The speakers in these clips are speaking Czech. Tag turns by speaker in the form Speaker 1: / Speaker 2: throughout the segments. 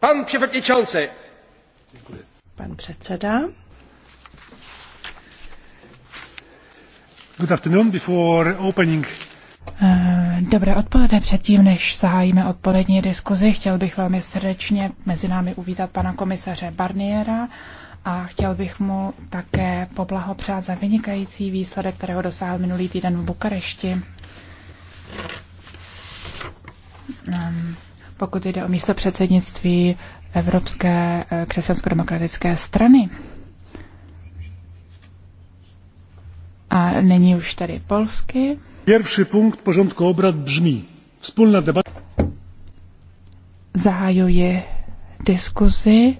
Speaker 1: Pan předsedající.
Speaker 2: Pan předseda. Good afternoon before opening.
Speaker 1: Eh, dobré odpoledne. Předtím, než zahájíme odpolední diskuzi, chtěl bych velmi srdečně mezi námi uvítat pana komisaře Barniera a chtěl bych mu také poblahopřát za vynikající výsledek, kterého dosáhl minulý týden v Bukarešti. Ehm, pokud jde o místo předsednictví Evropské eh, křesťansko-demokratické strany. A není už tady polsky. Pierwszy punkt porządku obrad brzmi Wspólna debata. Zahajuji diskuzi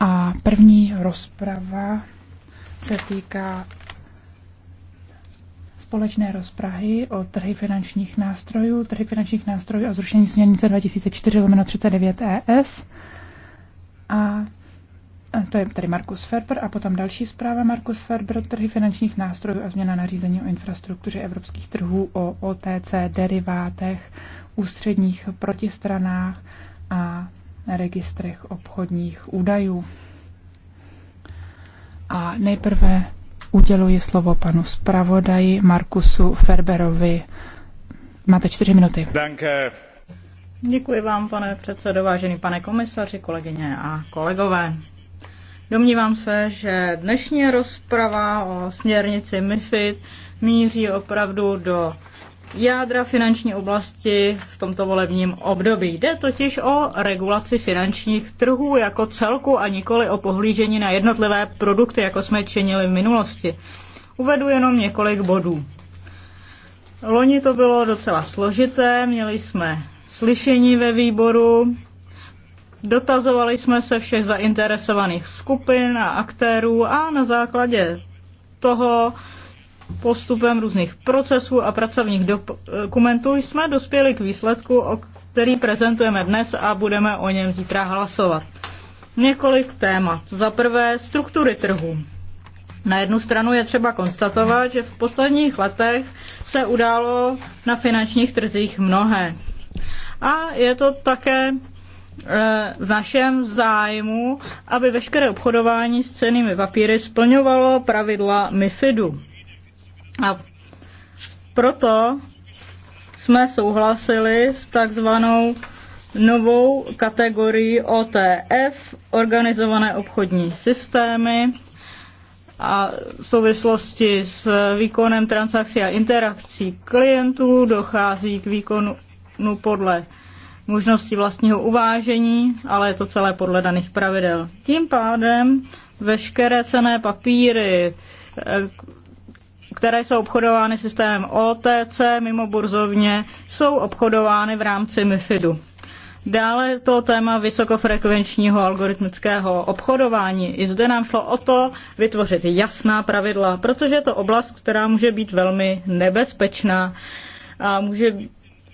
Speaker 1: a první rozprava se týká společné rozprahy o trhy finančních nástrojů, trhy finančních nástrojů a zrušení směrnice 2004-39 ES. A to je tady Markus Ferber a potom další zpráva Markus Ferber, trhy finančních nástrojů a změna nařízení o infrastruktuře evropských trhů, o OTC, derivátech, ústředních protistranách a registrech obchodních údajů. A nejprve Uděluji slovo panu zpravodaji Markusu Ferberovi. Máte čtyři minuty.
Speaker 3: Danke. Děkuji vám, pane předsedo, vážený pane komisaři, kolegyně a kolegové. Domnívám se, že dnešní rozprava o směrnici MIFID míří opravdu do jádra finanční oblasti v tomto volebním období. Jde totiž o regulaci finančních trhů jako celku a nikoli o pohlížení na jednotlivé produkty, jako jsme činili v minulosti. Uvedu jenom několik bodů. Loni to bylo docela složité, měli jsme slyšení ve výboru, dotazovali jsme se všech zainteresovaných skupin a aktérů a na základě toho postupem různých procesů a pracovních dokumentů jsme dospěli k výsledku, o který prezentujeme dnes a budeme o něm zítra hlasovat. Několik témat. Za prvé struktury trhu. Na jednu stranu je třeba konstatovat, že v posledních letech se událo na finančních trzích mnohé. A je to také e, v našem zájmu, aby veškeré obchodování s cenými papíry splňovalo pravidla MIFIDu. A proto jsme souhlasili s takzvanou novou kategorii OTF, organizované obchodní systémy, a v souvislosti s výkonem transakcí a interakcí klientů dochází k výkonu podle možnosti vlastního uvážení, ale je to celé podle daných pravidel. Tím pádem veškeré cené papíry, které jsou obchodovány systémem OTC mimo burzovně, jsou obchodovány v rámci MIFIDu. Dále to téma vysokofrekvenčního algoritmického obchodování. I zde nám šlo o to vytvořit jasná pravidla, protože je to oblast, která může být velmi nebezpečná a může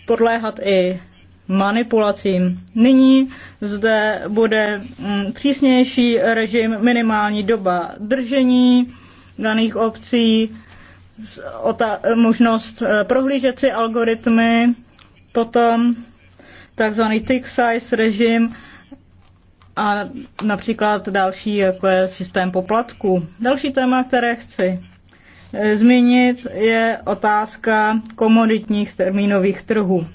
Speaker 3: podléhat i manipulacím. Nyní zde bude mm, přísnější režim minimální doba držení daných obcí, možnost eh, prohlížet si algoritmy, potom takzvaný tick size režim a například další, jako je systém poplatků. Další téma, které chci eh, zmínit, je otázka komoditních termínových trhů.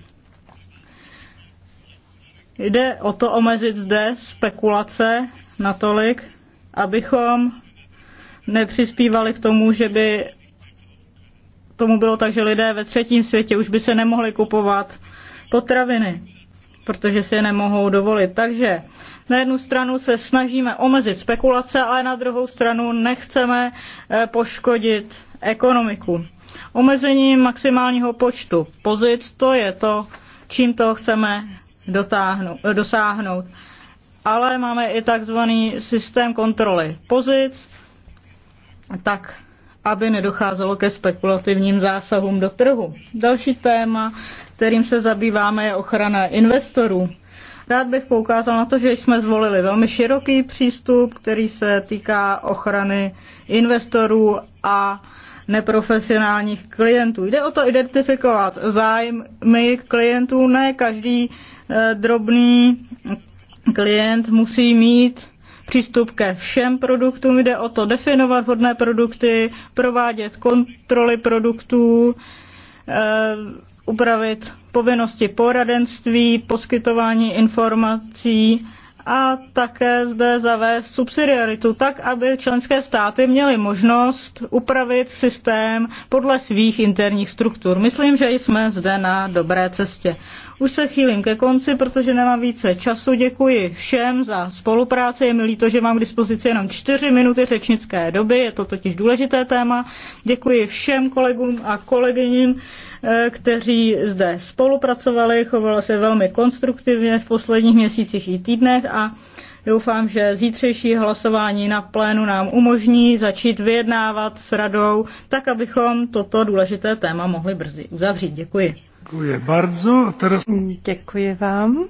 Speaker 3: Jde o to omezit zde spekulace natolik, abychom nepřispívali k tomu, že by tomu bylo tak, že lidé ve třetím světě už by se nemohli kupovat potraviny, protože si je nemohou dovolit. Takže na jednu stranu se snažíme omezit spekulace, ale na druhou stranu nechceme eh, poškodit ekonomiku. Omezení maximálního počtu pozic, to je to, čím to chceme dotáhnout, dosáhnout. Ale máme i takzvaný systém kontroly pozic, tak aby nedocházelo ke spekulativním zásahům do trhu. Další téma, kterým se zabýváme, je ochrana investorů. Rád bych poukázal na to, že jsme zvolili velmi široký přístup, který se týká ochrany investorů a neprofesionálních klientů. Jde o to identifikovat zájmy klientů. Ne každý eh, drobný klient musí mít přístup ke všem produktům. Jde o to definovat vhodné produkty, provádět kontroly produktů, eh, upravit povinnosti poradenství, poskytování informací a také zde zavést subsidiaritu tak, aby členské státy měly možnost upravit systém podle svých interních struktur. Myslím, že jsme zde na dobré cestě. Už se chýlím ke konci, protože nemám více času. Děkuji všem za spolupráci. Je mi líto, že mám k dispozici jenom čtyři minuty řečnické doby, je to totiž důležité téma. Děkuji všem kolegům a kolegyním Eh, kteří zde spolupracovali, chovala se velmi konstruktivně v posledních měsících i týdnech a doufám, že zítřejší hlasování na plénu nám umožní začít vyjednávat s radou, tak abychom toto důležité téma mohli brzy uzavřít. Děkuji.
Speaker 2: Děkuji bardzo. Teraz... Děkuji vám.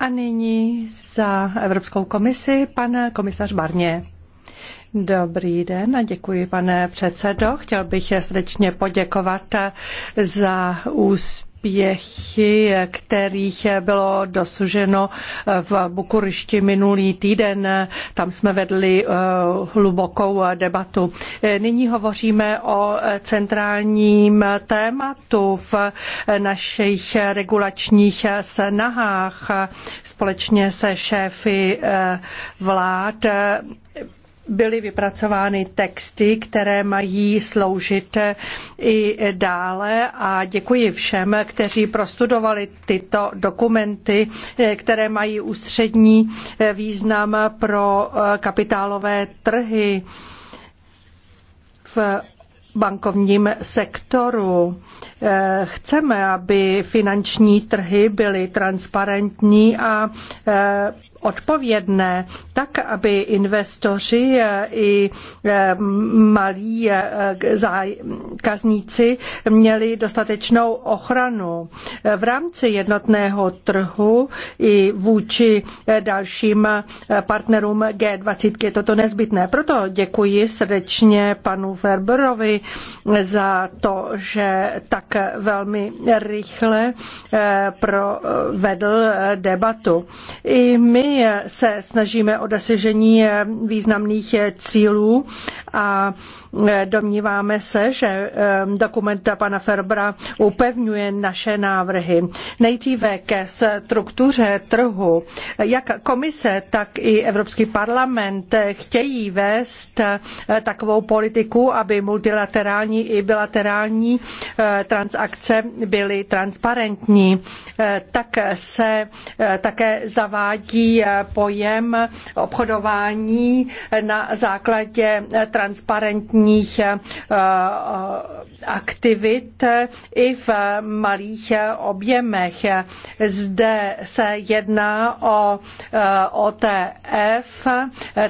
Speaker 2: A nyní za Evropskou komisi pan komisař Barně. Dobrý den a děkuji, pane předsedo. Chtěl bych srdečně poděkovat za úspěch úspěchy, kterých bylo dosuženo v Bukurešti minulý týden. Tam jsme vedli eh, hlubokou debatu. Nyní hovoříme o centrálním tématu v našich regulačních snahách společně se šéfy eh, vlád byly vypracovány texty, které mají sloužit i dále a děkuji všem, kteří prostudovali tyto dokumenty, které mají ústřední význam pro kapitálové trhy v bankovním sektoru. Chceme, aby finanční trhy byly transparentní a odpovědné, tak aby investoři eh, i eh, malí eh, zákazníci měli dostatečnou ochranu. V rámci jednotného trhu i vůči dalším partnerům G20 je toto nezbytné. Proto děkuji srdečně panu Ferberovi za to, že tak velmi rychle provedl debatu. I my se snažíme o dosažení eh, významných eh, cílů a Eh, domníváme se, že eh, dokument pana Ferbra upevňuje naše návrhy. Nejdříve ke struktuře trhu. Jak komise, tak i Evropský parlament chtějí vést eh, takovou politiku, aby multilaterální i bilaterální transakce byly transparentní. Tak se také zavádí pojem obchodování na základě transparentní obchodních eh, eh, aktivit i v malých eh, objemech. Zde se jedná o OTF,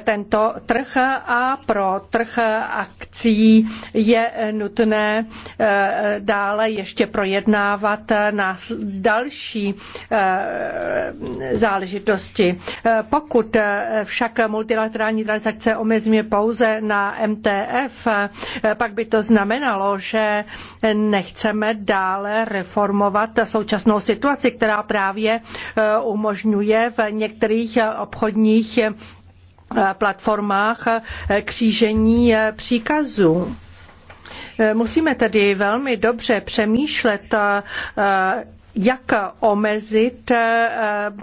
Speaker 2: tento trh a pro trh akcí je nutné dále ještě projednávat na další záležitosti. Pokud však multilaterální transakce omezíme pouze na MTF, pak by to znamenalo, že nechceme dále reformovat současnou situaci, která právě eh, umožňuje v některých obchodních eh, platformách eh, křížení příkazů. Musíme tedy velmi dobře přemýšlet jak omezit eh,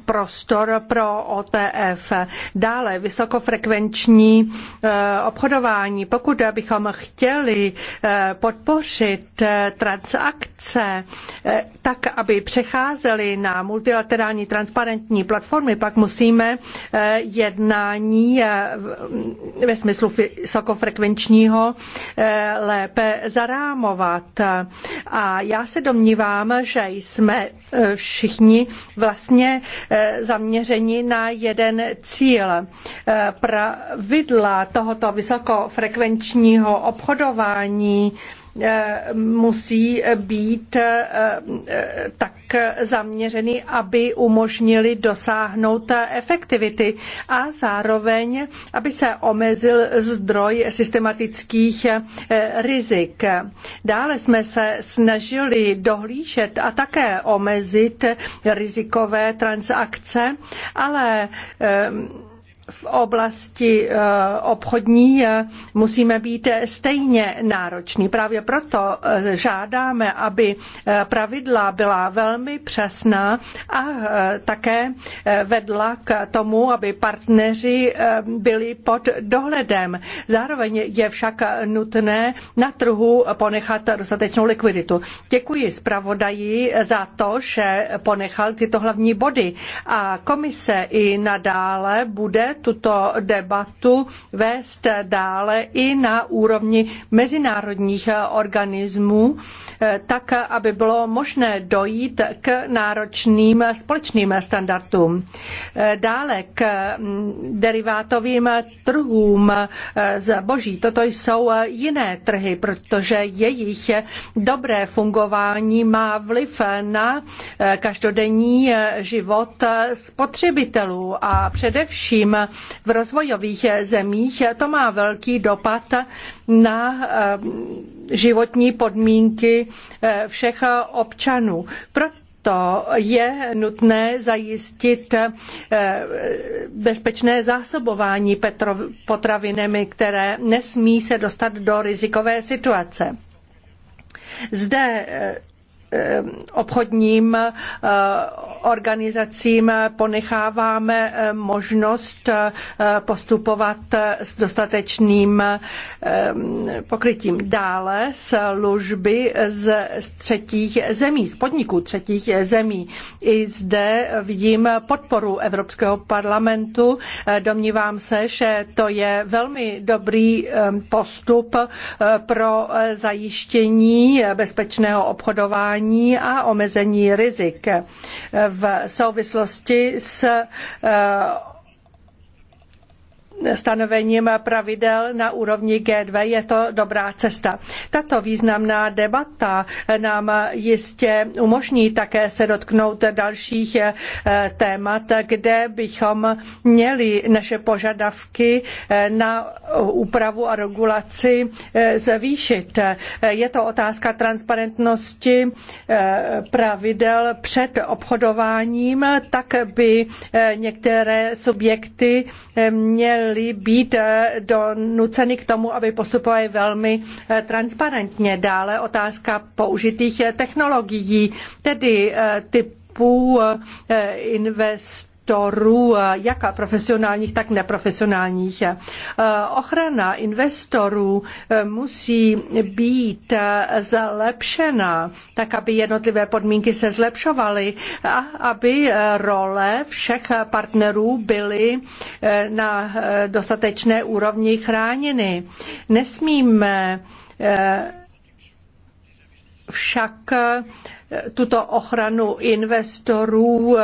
Speaker 2: prostor pro OTF. Dále vysokofrekvenční eh, obchodování. Pokud bychom chtěli eh, podpořit transakce tak, aby přecházely na multilaterální transparentní platformy, pak musíme jednání ve smyslu vysokofrekvenčního lépe zarámovat. A já se domnívám, že jsme E, všichni vlastně e, zaměřeni na jeden cíl. E, pravidla tohoto vysokofrekvenčního obchodování E, musí být e, e, tak zaměřeny, aby umožnili dosáhnout efektivity a zároveň, aby se omezil zdroj systematických rizik. Dále jsme se snažili dohlížet a také omezit rizikové transakce, ale v oblasti eh, obchodní eh, musíme být stejně nároční. Právě proto eh, žádáme, aby pravidla byla velmi přesná a také vedla k tomu, aby partneři byli pod dohledem. Zároveň je však nutné na trhu ponechat dostatečnou likviditu. Děkuji zpravodaji za to, že ponechal tyto hlavní body a komise i nadále bude tuto debatu vést dále i na úrovni mezinárodních organismů, eh, tak, aby bylo možné dojít k náročným společným standardům. Eh, dále k mm, derivátovým trhům eh, zboží. Toto jsou jiné trhy, protože jejich dobré fungování má vliv na každodenní život spotřebitelů a především v rozvojových zemích to má velký dopad na eh, životní podmínky eh, všech občanů. Proto je nutné zajistit eh, bezpečné zásobování potravinami, které nesmí se dostat do rizikové situace. Zde Eh, obchodním eh, organizacím ponecháváme eh, možnost postupovat s dostatečným pokrytím. Dále služby z třetích zemí, z podniků třetích zemí. I zde vidím podporu Evropského parlamentu. Domnívám se, že to je velmi dobrý postup pro zajištění bezpečného obchodování vzdělávání a omezení rizik v souvislosti s eh, stanovením pravidel na úrovni G2 je to dobrá cesta. Tato významná debata nám jistě umožní také se dotknout dalších eh, témat, kde bychom měli naše požadavky eh, na úpravu a regulaci eh, zvýšit. Je to otázka transparentnosti pravidel před obchodováním, tak by některé subjekty měly měli být eh, donuceni k tomu, aby postupovali velmi eh, transparentně. Dále otázka použitých eh, technologií, tedy typů invest sektorů, eh, jak profesionálních, tak neprofesionálních. Eh, ochrana investorů eh, musí být zlepšena, tak aby jednotlivé podmínky se zlepšovaly a aby role všech partnerů byly na dostatečné úrovni chráněny. Nesmíme však tuto ochranu investorů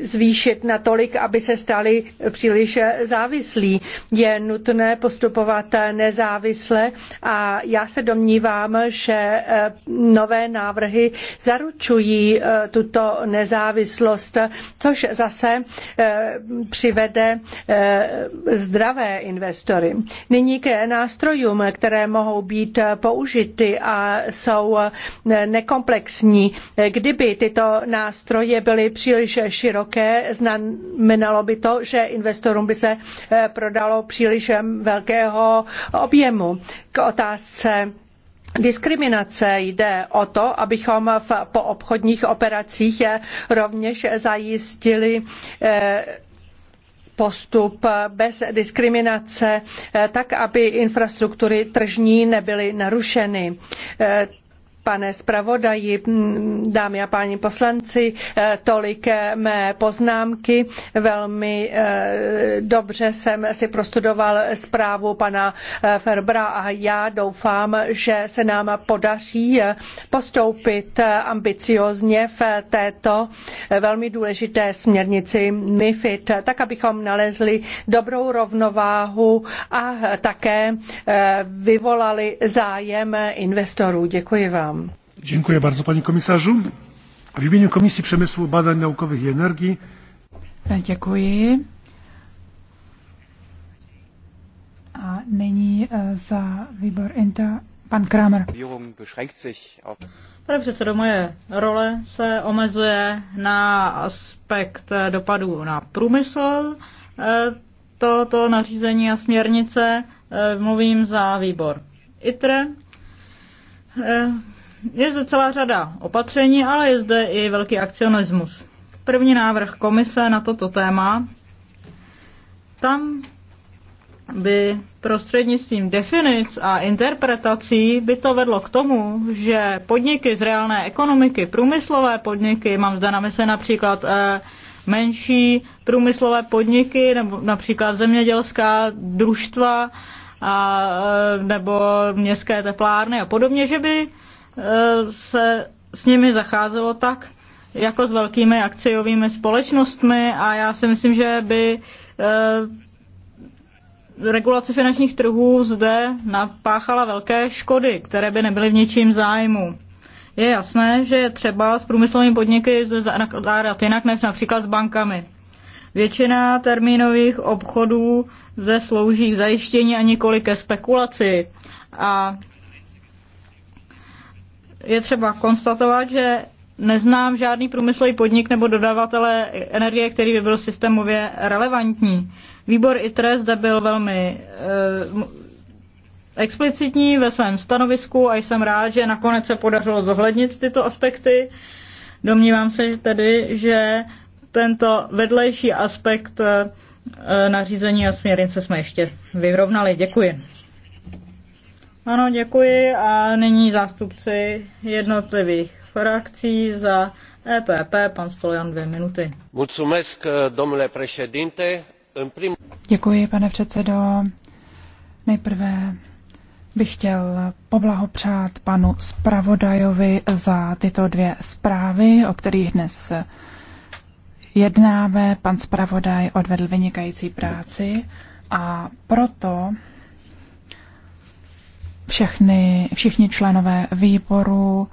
Speaker 2: zvýšit natolik, aby se stali příliš závislí. Je nutné postupovat nezávisle a já se domnívám, že eh, nové návrhy zaručují eh, tuto nezávislost, což zase eh, přivede zdravé investory. Nyní k nástrojům, které mohou být použity a jsou nekomplexní. Kdyby tyto nástroje byly příliš široké, široké, znamenalo by to, že investorům by se eh, prodalo příliš eh, velkého objemu. K otázce diskriminace jde o to, abychom v poobchodních operacích eh, rovněž zajistili postup bez diskriminace, tak aby infrastruktury tržní nebyly narušeny. Pane zpravodaji, dámy a páni poslanci, eh, tolik eh, mé poznámky. Velmi eh, dobře jsem si prostudoval zprávu pana Ferbra a já doufám, že se nám podaří postoupit ambiciózně v této velmi důležité směrnici MIFID, tak abychom nalezli dobrou rovnováhu a také vyvolali zájem investorů. Děkuji vám.
Speaker 1: Děkuji bardzo, paní komisařu. V jménu Komisí přemyslu, badań naukových i energii. E, Děkuji.
Speaker 3: A nyní e, za výbor INTA pan Kramer. Pane předsedo, moje role se omezuje na aspekt e, dopadů na průmysl tohoto nařízení a směrnice. Mluvím za výbor ITRE. Je zde celá řada opatření, ale je zde i velký akcionismus. První návrh komise na toto téma, tam by prostřednictvím definic a interpretací by to vedlo k tomu, že podniky z reálné ekonomiky, průmyslové podniky, mám zde na mysli například eh, menší průmyslové podniky, nebo například zemědělská družstva, a, eh, nebo městské teplárny a podobně, že by se s nimi zacházelo tak, jako s velkými akciovými společnostmi a já si myslím, že by eh, regulace finančních trhů zde napáchala velké škody, které by nebyly v ničím zájmu. Je jasné, že je třeba s průmyslovými podniky zakládat jinak než například s bankami. Většina termínových obchodů zde slouží k zajištění a nikoli ke spekulaci. A je třeba konstatovat, že neznám žádný průmyslový podnik nebo dodavatele energie, který by byl systémově relevantní. Výbor ITRE zde byl velmi eh, explicitní ve svém stanovisku a jsem rád, že nakonec se podařilo zohlednit tyto aspekty. Domnívám se že tedy, že tento vedlejší aspekt eh, nařízení a směrnice jsme ještě vyrovnali. Děkuji. Ano, děkuji a nyní zástupci jednotlivých frakcí za EPP, pan Stolian, dvě minuty. Mulțumesc, domnule președinte. Děkuji, pane předsedo.
Speaker 1: Nejprve bych chtěl poblahopřát panu zpravodajovi za tyto dvě zprávy, o kterých dnes jednáme. Pan zpravodaj odvedl vynikající práci a proto všechny, všichni členové výboru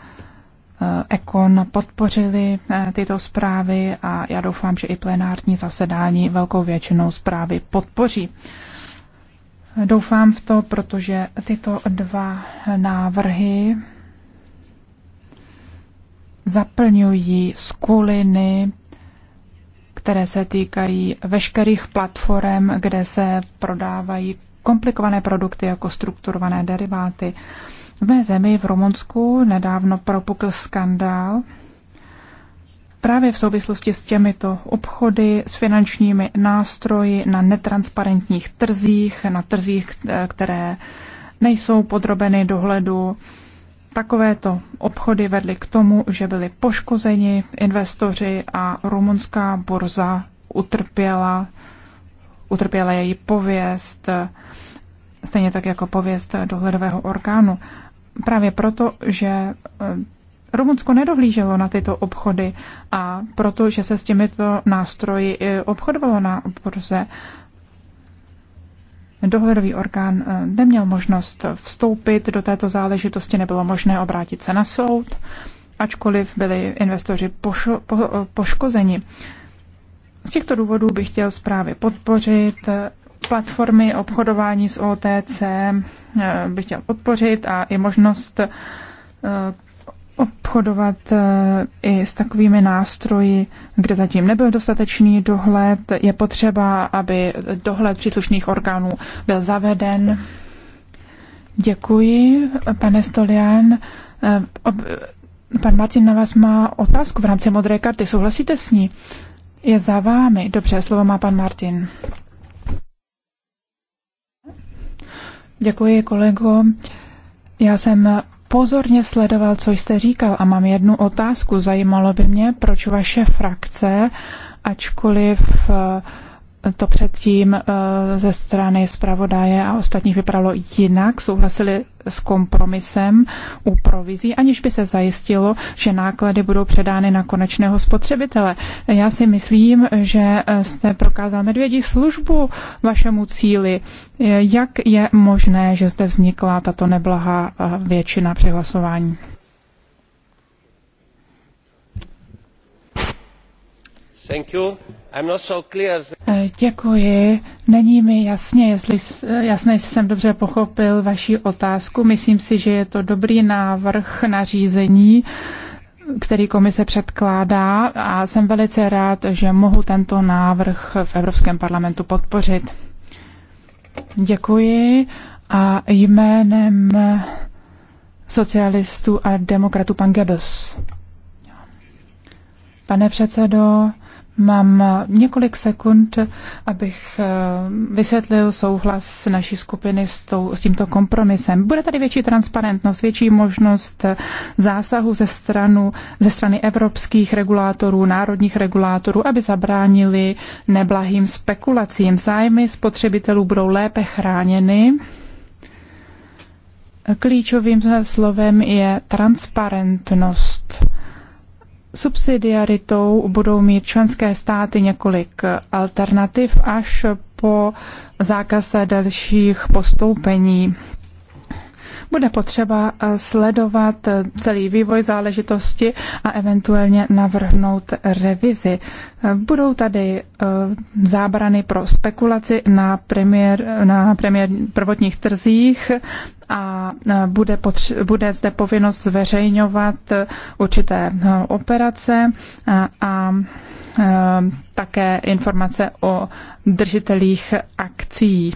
Speaker 1: Ekon eh, podpořili eh, tyto zprávy a já doufám, že i plenární zasedání velkou většinou zprávy podpoří. Doufám v to, protože tyto dva návrhy zaplňují skuliny, které se týkají veškerých platform, kde se prodávají komplikované produkty jako strukturované deriváty. V mé zemi, v Rumunsku, nedávno propukl skandál právě v souvislosti s těmito obchody, s finančními nástroji na netransparentních trzích, na trzích, které nejsou podrobeny dohledu. Takovéto obchody vedly k tomu, že byli poškozeni investoři a rumunská burza utrpěla, utrpěla její pověst stejně tak jako pověst dohledového orgánu. Právě proto, že eh, Rumunsko nedohlíželo na tyto obchody a proto, že se s těmito nástroji eh, obchodovalo na burze, dohledový orgán eh, neměl možnost vstoupit do této záležitosti, nebylo možné obrátit se na soud, ačkoliv byli investoři pošo, po, poškozeni. Z těchto důvodů bych chtěl zprávy podpořit platformy obchodování s OTC eh, bych chtěl podpořit a i možnost eh, obchodovat eh, i s takovými nástroji, kde zatím nebyl dostatečný dohled. Je potřeba, aby dohled příslušných orgánů byl zaveden. Děkuji, pane Stolian. Pan Martin na vás má otázku v rámci modré karty. Souhlasíte s ní? Je za vámi. Dobře, slovo má pan Martin. Děkuji, kolego. Já jsem pozorně sledoval, co jste říkal a mám jednu otázku. Zajímalo by mě, proč vaše frakce, ačkoliv uh, to předtím eh, ze strany zpravodaje a ostatních vypadalo jinak, souhlasili s kompromisem u provizí, aniž by se zajistilo, že náklady budou předány na konečného spotřebitele. Já si myslím, že eh, jste prokázal medvědí službu vašemu cíli. Eh, jak je možné, že zde vznikla tato neblahá většina při hlasování? Eh, děkuji. Není mi jasně, jestli, eh, jasné, jestli jsem dobře pochopil vaši otázku. Myslím si, že je to dobrý návrh na řízení, který komise předkládá a jsem velice rád, že mohu tento návrh v Evropském parlamentu podpořit. Děkuji a jménem socialistů a demokratů pan Goebbels. Pane předsedo, Mám eh, několik sekund, abych eh, vysvětlil souhlas naší skupiny s, tou, s tímto kompromisem. Bude tady větší transparentnost, větší možnost eh, zásahu ze, stranu, ze strany evropských regulátorů, národních regulátorů, aby zabránili neblahým spekulacím. Zájmy spotřebitelů budou lépe chráněny. Klíčovým slovem je transparentnost subsidiaritou budou mít členské státy několik alternativ až po zákaz dalších postoupení bude potřeba eh, sledovat eh, celý vývoj záležitosti a eventuálně navrhnout revizi. Eh, budou tady zábrany pro spekulaci na, premiér, na premiér prvotních trzích a bude, potře- bude zde povinnost zveřejňovat určité operace a, a také informace o držitelích akcí.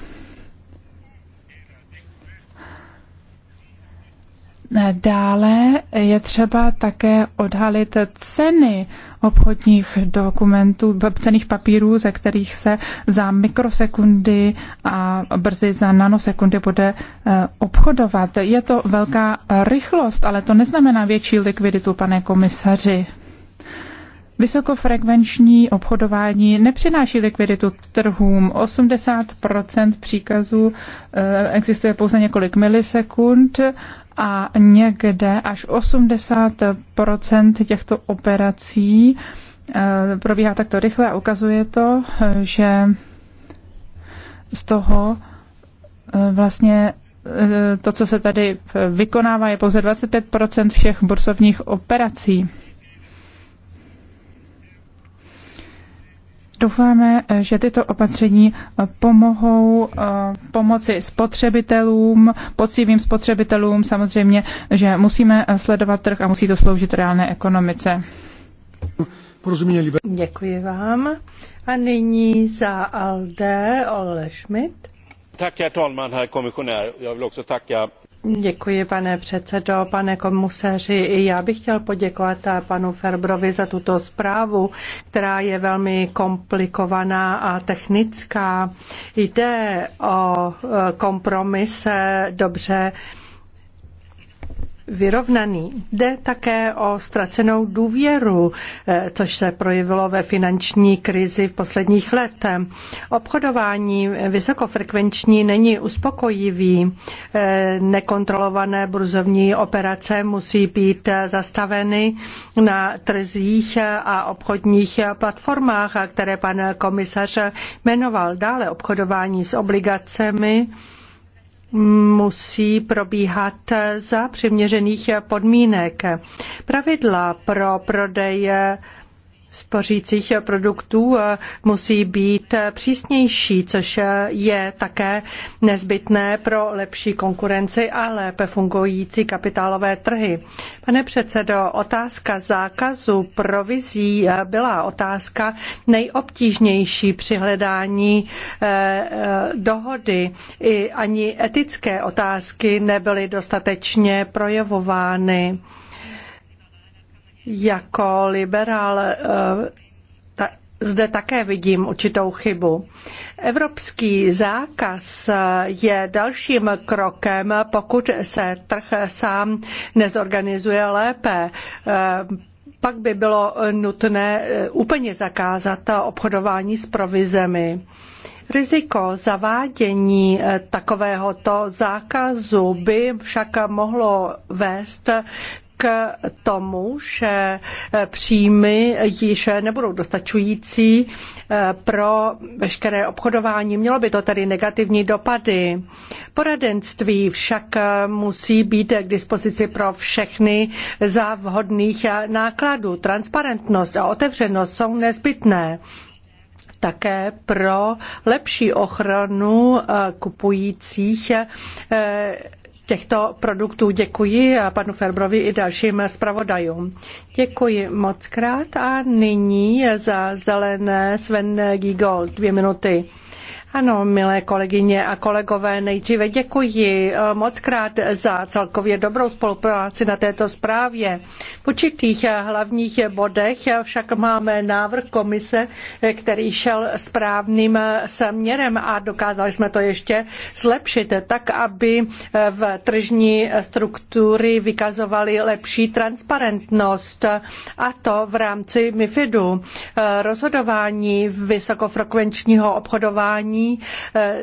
Speaker 1: Dále je třeba také odhalit ceny obchodních dokumentů, cených papírů, ze kterých se za mikrosekundy a brzy za nanosekundy bude eh, obchodovat. Je to velká eh, rychlost, ale to neznamená větší likviditu, pane komisaři. Vysokofrekvenční obchodování nepřináší likviditu trhům. 80 příkazů eh, existuje pouze několik milisekund a někde až 80 těchto operací eh, probíhá takto rychle a ukazuje to, eh, že z toho eh, vlastně to, co se tady vykonává, je pouze 25 všech bursovních operací. Doufáme, eh, že tyto opatření eh, pomohou eh, pomoci spotřebitelům, pocivým spotřebitelům. Samozřejmě, že musíme sledovat trh a musí to sloužit reálné ekonomice. Děkuji vám. A nyní za ALDE Ole Schmidt.
Speaker 2: Tak, herr Tolman, herr kommissionär. Jag vill också tacka Děkuji, pane předsedo, pane komisaři. Já bych chtěl poděkovat panu Ferbrovi za tuto zprávu, která je velmi komplikovaná a technická. Jde o eh, kompromis eh, dobře vyrovnaný. Jde také o ztracenou důvěru, eh, což se projevilo ve finanční krizi v posledních let. Obchodování vysokofrekvenční není uspokojivý. Eh, nekontrolované burzovní operace musí být zastaveny na trzích a obchodních platformách, které pan komisař jmenoval. Dále obchodování s obligacemi musí probíhat za přiměřených podmínek. Pravidla pro prodej spořících produktů eh, musí být přísnější, což je také nezbytné pro lepší konkurenci a lépe fungující kapitálové trhy. Pane předsedo, otázka zákazu provizí eh, byla otázka nejobtížnější při hledání eh, dohody. I ani etické otázky nebyly dostatečně projevovány. Jako liberál eh, zde také vidím určitou chybu. Evropský zákaz eh, je dalším krokem, pokud se trh sám nezorganizuje lépe. Eh, pak by bylo nutné úplně zakázat obchodování s provizemi. Riziko zavádění takovéhoto zákazu by však mohlo vést k tomu, že eh, příjmy již nebudou dostačující eh, pro veškeré obchodování. Mělo by to tedy negativní dopady. Poradenství však eh, musí být k dispozici pro všechny za vhodných nákladů. Transparentnost a otevřenost jsou nezbytné také pro lepší ochranu kupujících těchto produktů. Děkuji panu Ferbrovi i dalším zpravodajům. Děkuji moc krát a nyní za zelené Sven Gigo dvě minuty. Ano, milé kolegyně a kolegové, nejdříve děkuji eh, moc krát za celkově dobrou spolupráci na této zprávě. V určitých eh, hlavních bodech však máme návrh komise, eh, který šel správným směrem a dokázali jsme to ještě zlepšit tak, aby v tržní struktury vykazovaly lepší transparentnost a to v rámci MIFIDu. Rozhodování vysokofrekvenčního obchodování jednání eh,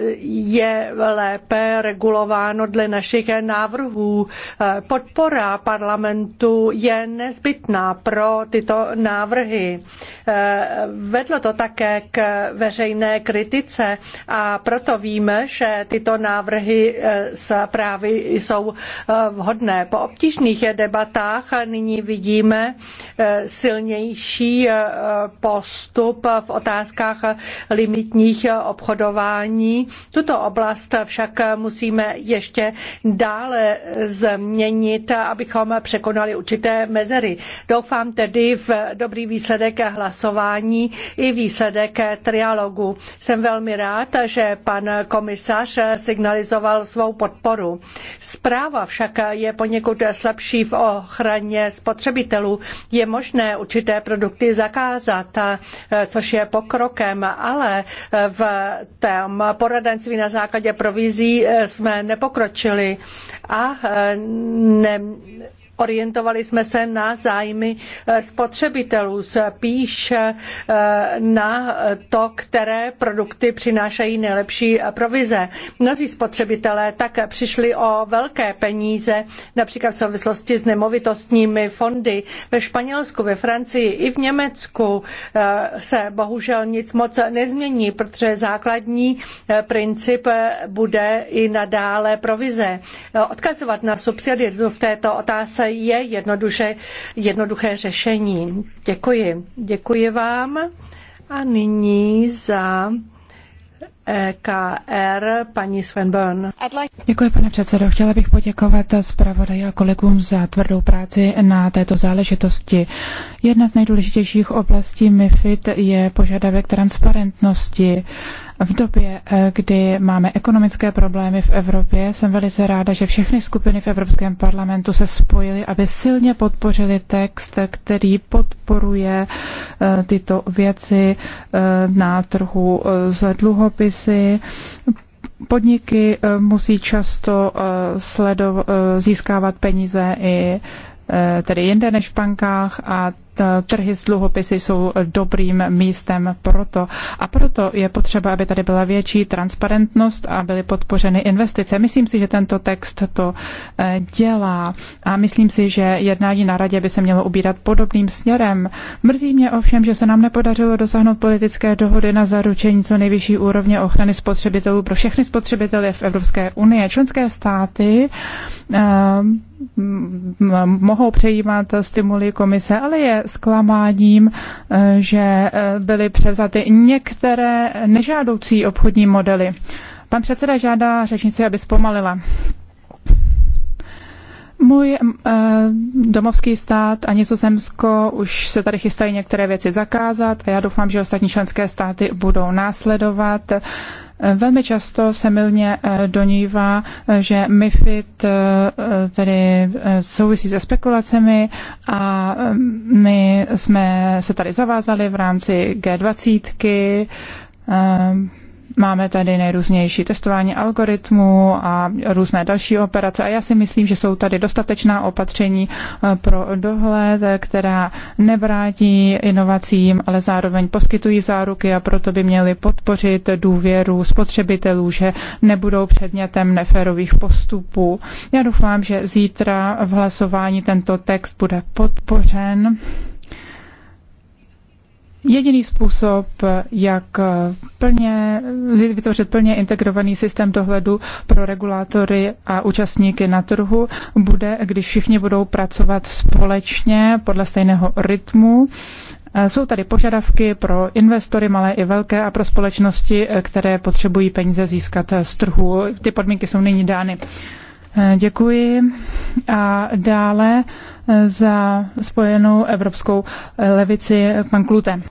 Speaker 2: je lépe regulováno dle našich návrhů. Eh, podpora parlamentu je nezbytná pro tyto návrhy. Eh, vedlo to také k veřejné kritice a proto víme, že tyto návrhy zprávy jsou vhodné. Po obtížných debatách nyní vidíme silnější postup v otázkách limitních obchodů rozhodování. Tuto oblast však musíme ještě dále změnit, abychom překonali určité mezery. Doufám tedy v dobrý výsledek hlasování i výsledek trialogu. Jsem velmi rád, že pan komisař signalizoval svou podporu. Zpráva však je poněkud slabší v ochraně spotřebitelů. Je možné určité produkty zakázat, což je pokrokem, ale v tam poradenství na základě provizí eh, jsme nepokročili a eh, ne, orientovali jsme se na zájmy eh, spotřebitelů, spíš eh, na to, které produkty přinášejí nejlepší provize. Mnozí spotřebitelé tak přišli o velké peníze, například v souvislosti s nemovitostními fondy. Ve Španělsku, ve Francii i v Německu eh, se bohužel nic moc nezmění, protože základní princip bude i nadále provize. Odkazovat na subsidiaritu v této otázce je jednoduše, jednoduché řešení. Děkuji. Děkuji vám. A nyní za e KR, paní Svenborn.
Speaker 1: Děkuji, pane předsedo. Chtěla bych poděkovat zpravodaji a kolegům za tvrdou práci na této záležitosti. Jedna z nejdůležitějších oblastí MIFID je požadavek transparentnosti. V době, eh, kdy máme ekonomické problémy v Evropě, jsem velice ráda, že všechny skupiny v Evropském parlamentu se spojily, aby silně podpořili text, který podporuje eh, tyto věci eh, na trhu z dluhopisy, podniky musí často získávat peníze i tedy jinde než v bankách a Eh, trhy s dluhopisy jsou dobrým místem proto. A proto je potřeba, aby tady byla větší transparentnost a byly podpořeny investice. Myslím si, že tento text to eh, dělá a myslím si, že jednání na radě by se mělo ubírat podobným směrem. Mrzí mě ovšem, že se nám nepodařilo dosáhnout politické dohody na zaručení co nejvyšší úrovně ochrany spotřebitelů pro všechny spotřebitelé v Evropské unii. Členské státy eh, mohou přejímat stimuly komise, ale je zklamáním, eh, že eh, byly převzaty některé nežádoucí obchodní modely. Pan předseda žádá řečnici, aby zpomalila. Můj eh, domovský stát a Nizozemsko už se tady chystají některé věci zakázat a já doufám, že ostatní členské státy budou následovat. Eh, Velmi často se milně eh, donívá, eh, že MIFID eh, tedy souvisí se spekulacemi a mm, my jsme se tady zavázali v rámci G20, Máme tady nejrůznější testování algoritmů a různé další operace. A já si myslím, že jsou tady dostatečná opatření eh, pro dohled, která nevrátí inovacím, ale zároveň poskytují záruky a proto by měly podpořit důvěru spotřebitelů, že nebudou předmětem neférových postupů. Já doufám, že zítra v hlasování tento text bude podpořen. Jediný způsob, jak plně, vytvořit plně integrovaný systém dohledu pro regulátory a účastníky na trhu, bude, když všichni budou pracovat společně podle stejného rytmu. Jsou tady požadavky pro investory malé i velké a pro společnosti, které potřebují peníze získat z trhu. Ty podmínky jsou nyní dány. Eh, děkuji a dále eh, za spojenou evropskou eh, levici pan Klute.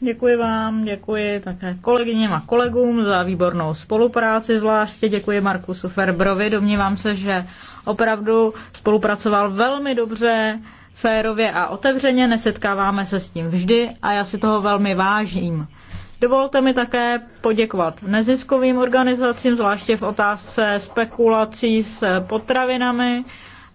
Speaker 3: Děkuji vám, děkuji také kolegyním a kolegům za výbornou spolupráci, zvláště děkuji Markusu Ferbrovi. Domnívám se, že opravdu spolupracoval velmi dobře, férově a otevřeně, nesetkáváme se s tím vždy a já si toho velmi vážím. Dovolte mi také poděkovat neziskovým organizacím, zvláště v otázce spekulací s potravinami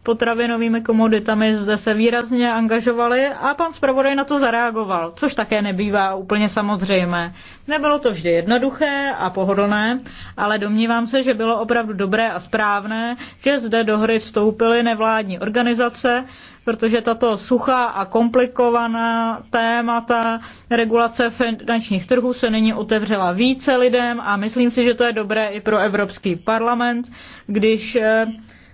Speaker 3: potravinovými komoditami zde se výrazně angažovali a pan zpravodaj na to zareagoval, což také nebývá úplně samozřejmé. Nebylo to vždy jednoduché a pohodlné, ale domnívám se, že bylo opravdu dobré a správné, že zde do hry vstoupily nevládní organizace, protože tato suchá a komplikovaná témata regulace finančních trhů se nyní otevřela více lidem a myslím si, že to je dobré i pro Evropský parlament, když eh,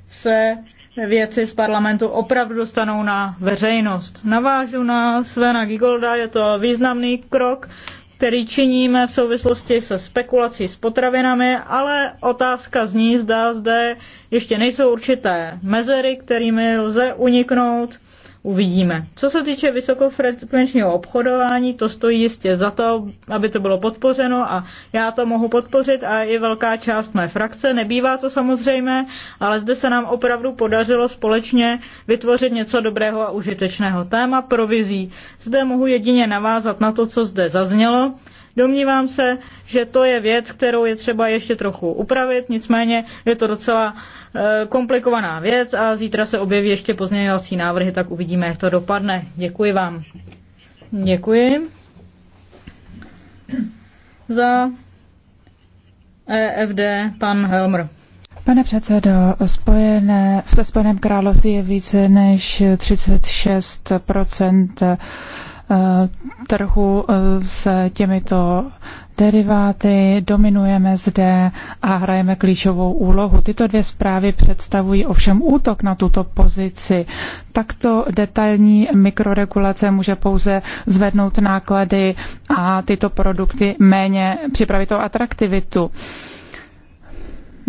Speaker 3: se věci z parlamentu opravdu dostanou na veřejnost. Navážu na Svena Gigolda, je to významný krok, který činíme v souvislosti se spekulací s potravinami, ale otázka zní, zda zde ještě nejsou určité mezery, kterými lze uniknout uvidíme. Co se týče vysokofrekvenčního obchodování, to stojí jistě za to, aby to bylo podpořeno a já to mohu podpořit a i velká část mé frakce. Nebývá to samozřejmé, ale zde se nám opravdu podařilo společně vytvořit něco dobrého a užitečného. Téma provizí. Zde mohu jedině navázat na to, co zde zaznělo. Domnívám se, že to je věc, kterou je třeba ještě trochu upravit, nicméně je to docela Eh, komplikovaná věc a zítra se objeví ještě pozměňovací návrhy, tak uvidíme, jak to dopadne. Děkuji vám. Děkuji za EFD pan Helmer.
Speaker 1: Pane předsedo, spojené, v Spojeném království je více než 36 Eh, trhu eh, s těmito deriváty, dominujeme zde a hrajeme klíčovou úlohu. Tyto dvě zprávy představují ovšem útok na tuto pozici. Takto detailní mikroregulace může pouze zvednout náklady a tyto produkty méně připravit o atraktivitu.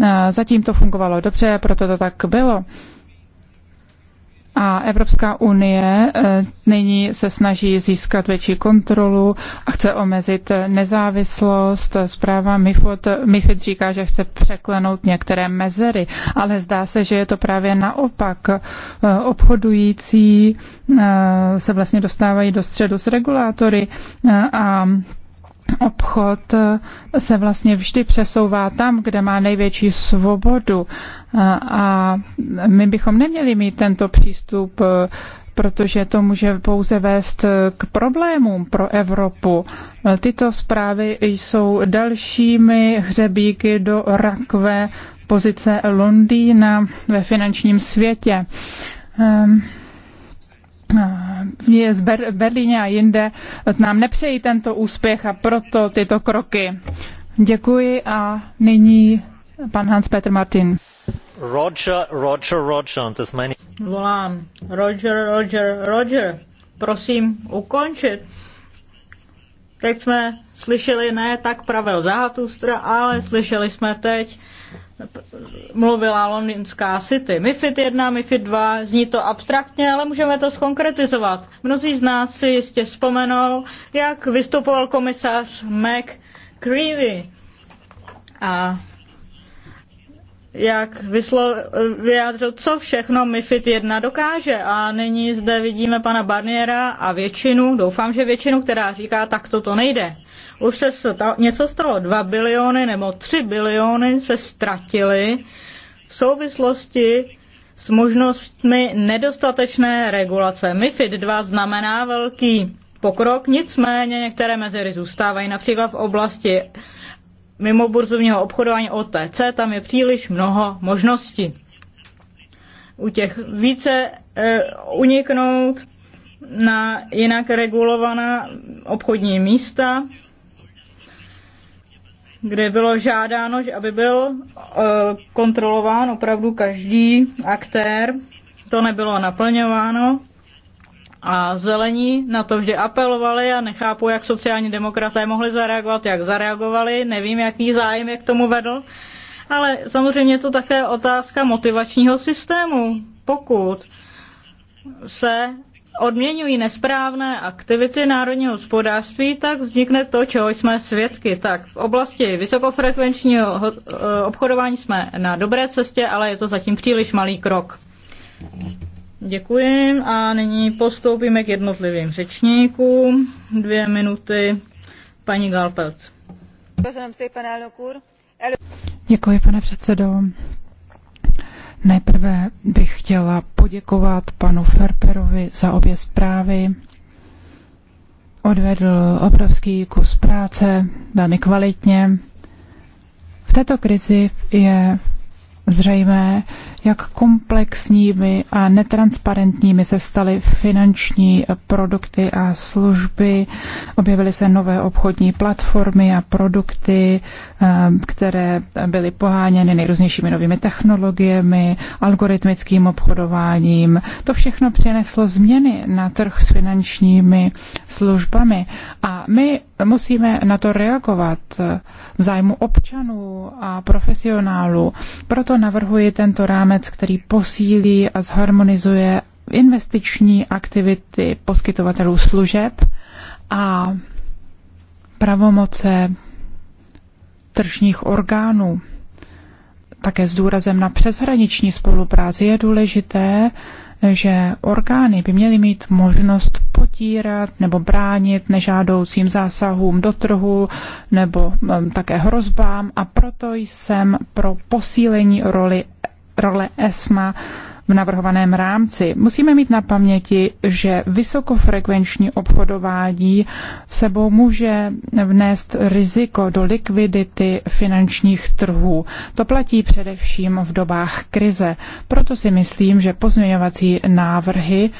Speaker 1: Eh, zatím to fungovalo dobře, proto to tak bylo. A Evropská unie eh, nyní se snaží získat větší kontrolu a chce omezit nezávislost. Zpráva MIFID, MIFID říká, že chce překlenout některé mezery, ale zdá se, že je to právě naopak. Eh, obchodující eh, se vlastně dostávají do středu s regulátory a obchod eh, se vlastně vždy přesouvá tam, kde má největší svobodu. Eh, a my bychom neměli mít tento přístup, eh, protože to může pouze vést k problémům pro Evropu. Tyto zprávy jsou dalšími hřebíky do rakve pozice Londýna ve finančním světě. Ehm, v Berlíně a jinde nám nepřejí tento úspěch a proto tyto kroky. Děkuji a nyní pan Hans-Peter Martin.
Speaker 3: Roger, Roger, Roger, to je Volám. Roger, Roger, Roger. Prosím, ukončit. Teď jsme slyšeli ne tak Pavel Zahatustra, ale slyšeli jsme teď mluvila londýnská City. MIFID 1, MIFID 2, zní to abstraktně, ale můžeme to skonkretizovat. Mnozí z nás si jistě vzpomenou, jak vystupoval komisař Mac Creevy. A jak vyslo- vyjádřil, co všechno MIFID 1 dokáže. A nyní zde vidíme pana Barniera a většinu, doufám, že většinu, která říká, tak to to nejde. Už se stalo, něco stalo, 2 biliony nebo 3 biliony se ztratily v souvislosti s možnostmi nedostatečné regulace. MIFID 2 znamená velký pokrok, nicméně některé mezery zůstávají, například v oblasti mimo burzovního obchodování OTC, tam je příliš mnoho možností. U těch více e, uniknout na jinak regulovaná obchodní místa, kde bylo žádáno, že aby byl eh, kontrolován opravdu každý aktér. To nebylo naplňováno. A zelení na to vždy apelovali a nechápu, jak sociální demokraté mohli zareagovat, jak zareagovali, nevím, jaký zájem je k tomu vedl. Ale samozřejmě je to také otázka motivačního systému. Pokud se odměňují nesprávné aktivity národního hospodářství, tak vznikne to, čeho jsme svědky. Tak v oblasti vysokofrekvenčního eh, obchodování jsme na dobré cestě, ale je to zatím příliš malý krok. Děkuji a nyní postoupíme k jednotlivým řečníkům. Dvě minuty, paní Galpelc.
Speaker 1: Děkuji, pane předsedo. Nejprve bych chtěla poděkovat panu Ferperovi za obě zprávy. Odvedl obrovský kus práce, velmi kvalitně. V této krizi je zřejmé, jak komplexními a netransparentními se staly finanční produkty a služby. Objevily se nové obchodní platformy a produkty, eh, které byly poháněny nejrůznějšími novými technologiemi, algoritmickým obchodováním. To všechno přineslo změny na trh s finančními službami a my musíme na to reagovat v zájmu občanů a profesionálů. Proto navrhuji tento rámec rámec, který posílí a zharmonizuje investiční aktivity poskytovatelů služeb a pravomoce tržních orgánů. Také s důrazem na přeshraniční spolupráci je důležité, že orgány by měly mít možnost potírat nebo bránit nežádoucím zásahům do trhu nebo také hrozbám a proto jsem pro posílení roli role ESMA v navrhovaném rámci. Musíme mít na paměti, že vysokofrekvenční obchodování sebou může vnést riziko do likvidity finančních trhů. To platí především v dobách krize. Proto si myslím, že pozměňovací návrhy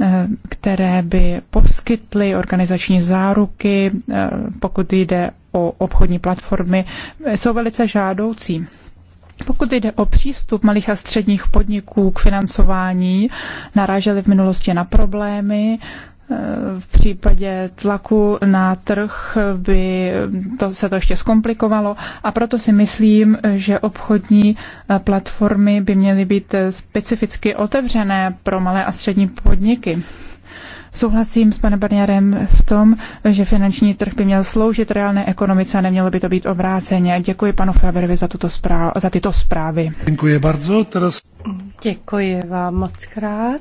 Speaker 1: eh, které by poskytly organizační záruky, eh, pokud jde o obchodní platformy, jsou velice žádoucí. Pokud jde o přístup malých a středních podniků k financování, naráželi v minulosti na problémy, v případě tlaku na trh by to, se to ještě zkomplikovalo a proto si myslím, že obchodní platformy by měly být specificky otevřené pro malé a střední podniky. Souhlasím s panem Barniarem v tom, že finanční trh by měl sloužit reálné ekonomice a nemělo by to být obráceně. Děkuji panu Faberovi za, tuto zpráv, za tyto zprávy. Děkuji bardzo. Teraz...
Speaker 2: Děkuji vám moc krát.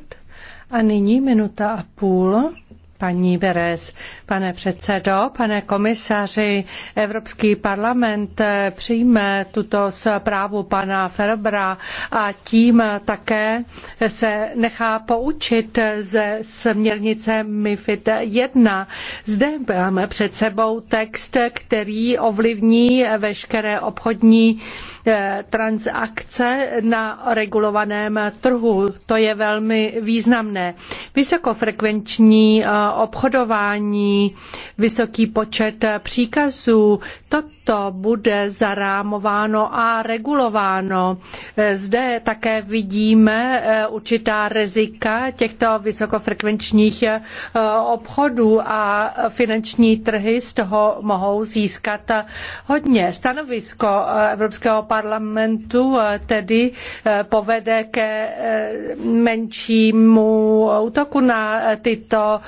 Speaker 2: A nyní minuta a půl Paní Beres, pane předsedo, pane komisaři, Evropský parlament přijme tuto zprávu pana Ferbra a tím také se nechá poučit ze směrnice MIFID 1. Zde máme před sebou text, který ovlivní veškeré obchodní eh, transakce na regulovaném trhu. To je velmi významné. Vysokofrekvenční eh, obchodování, vysoký počet příkazů. Toto to bude zarámováno a regulováno. Zde také vidíme eh, určitá rizika těchto vysokofrekvenčních eh, obchodů a finanční trhy z toho mohou získat hodně. Stanovisko eh, Evropského parlamentu tedy povede ke menšímu útoku na tyto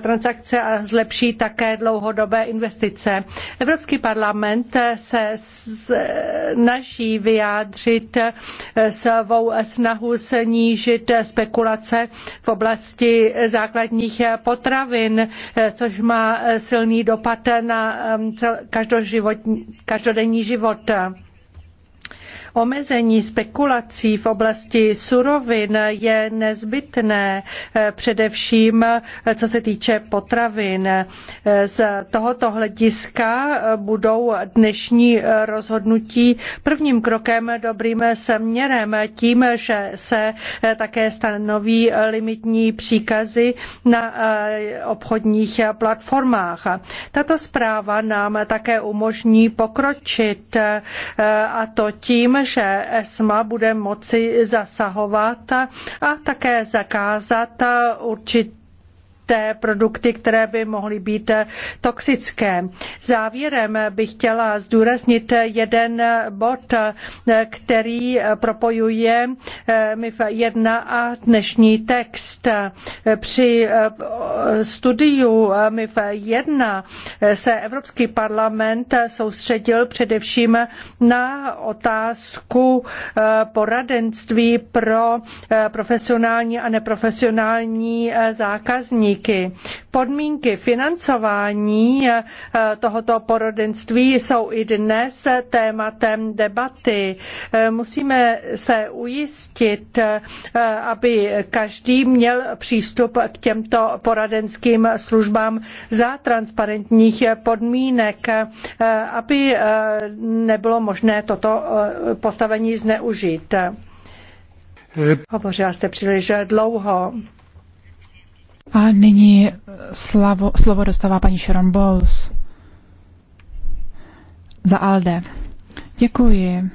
Speaker 2: transakce a zlepší také dlouhodobé investice. Evropský parlament se snaží vyjádřit svou snahu snížit spekulace v oblasti základních potravin, což má silný dopad na um, každodenní život. Omezení spekulací v oblasti surovin je nezbytné, eh, především eh, co se týče potravin. Eh, z tohoto hlediska budou dnešní rozhodnutí prvním krokem dobrým směrem tím, že se také stanoví limitní příkazy na obchodních platformách. Tato zpráva nám také umožní pokročit a to tím, že ESMA bude moci zasahovat a také zakázat určitě té produkty, které by mohly být toxické. Závěrem bych chtěla zdůraznit jeden bod, který propojuje eh, MIF 1 a dnešní text. Při eh, studiu eh, MIF 1 se Evropský parlament soustředil především na otázku poradenství pro profesionální a neprofesionální zákazníky podniky. Podmínky financování eh, tohoto porodenství jsou i dnes tématem debaty. Eh, musíme se ujistit, eh, aby každý měl přístup k těmto poradenským službám za transparentních podmínek, aby nebylo možné toto postavení zneužít. Hovořila jste příliš dlouho.
Speaker 1: A nyní eh, slavo, slovo dostává paní Sharon Bowles za ALDE. Děkuji.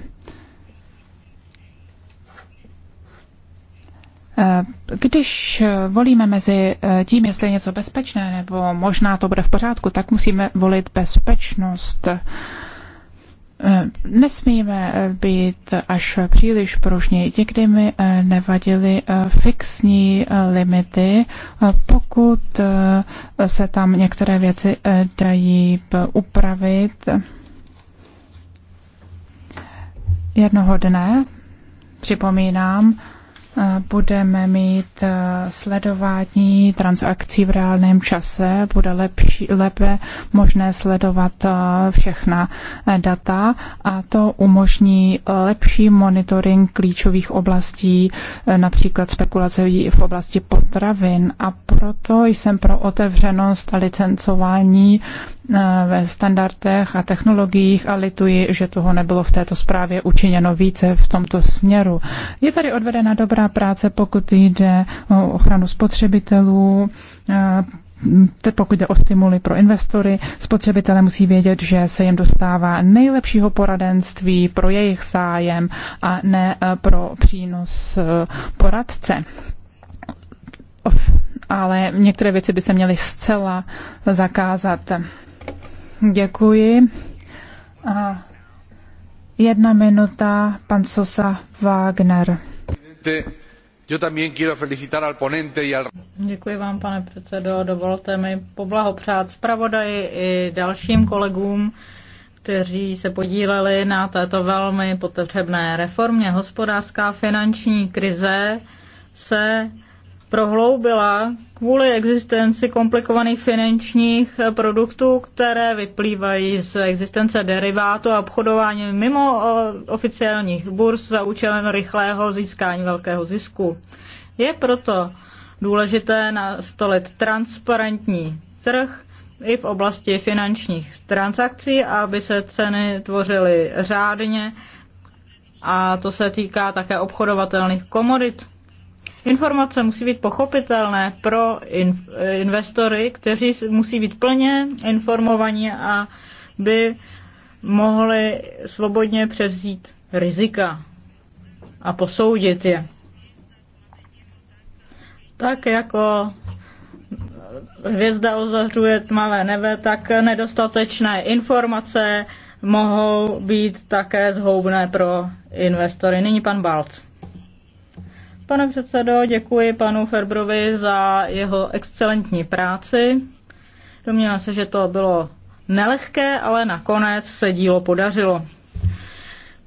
Speaker 1: Eh, když eh, volíme mezi tím, jestli je něco bezpečné nebo možná to bude v pořádku, tak musíme volit bezpečnost. Eh, nesmíme eh, být až příliš pružní. Někdy mi eh, nevadily fixní limity, pokud se tam některé věci dají upravit. Jednoho dne, připomínám, budeme mít eh, sledování transakcí v reálném čase, bude lepší, lépe možné sledovat eh, všechna eh, data a to umožní lepší monitoring klíčových oblastí, například spekulace v oblasti potravin a proto jsem pro otevřenost a licencování ve standardech a technologiích a lituji, že toho nebylo v této zprávě učiněno více v tomto směru. Je tady odvedena dobrá těžká práce, pokud jde o ochranu spotřebitelů, eh, pokud jde o stimuly pro investory, spotřebitelé musí vědět, že se jim dostává nejlepšího poradenství pro jejich zájem a ne eh, pro přínos eh, poradce. Ale některé věci by se měly zcela zakázat. Děkuji. A jedna minuta, pan Sosa Wagner.
Speaker 3: Děkuji vám, pane předsedo. Dovolte mi poblahopřát zpravodaji i dalším kolegům, kteří se podíleli na této velmi potřebné reformě. Hospodářská finanční krize se prohloubila kvůli existenci komplikovaných finančních produktů, které vyplývají z existence derivátu a obchodování mimo oficiálních burz za účelem rychlého získání velkého zisku. Je proto důležité nastolit transparentní trh i v oblasti finančních transakcí, aby se ceny tvořily řádně a to se týká také obchodovatelných komodit. Informace musí být pochopitelné pro in- eh, investory, kteří musí být plně informovaní a by mohli svobodně převzít rizika a posoudit je. Tak jako hvězda ozařuje tmavé nebe, tak nedostatečné informace mohou být také zhoubné pro investory. Nyní pan Balc. Pane předsedo, děkuji panu Ferbrovi za jeho excelentní práci. Domnívám se, že to bylo nelehké, ale nakonec se dílo podařilo.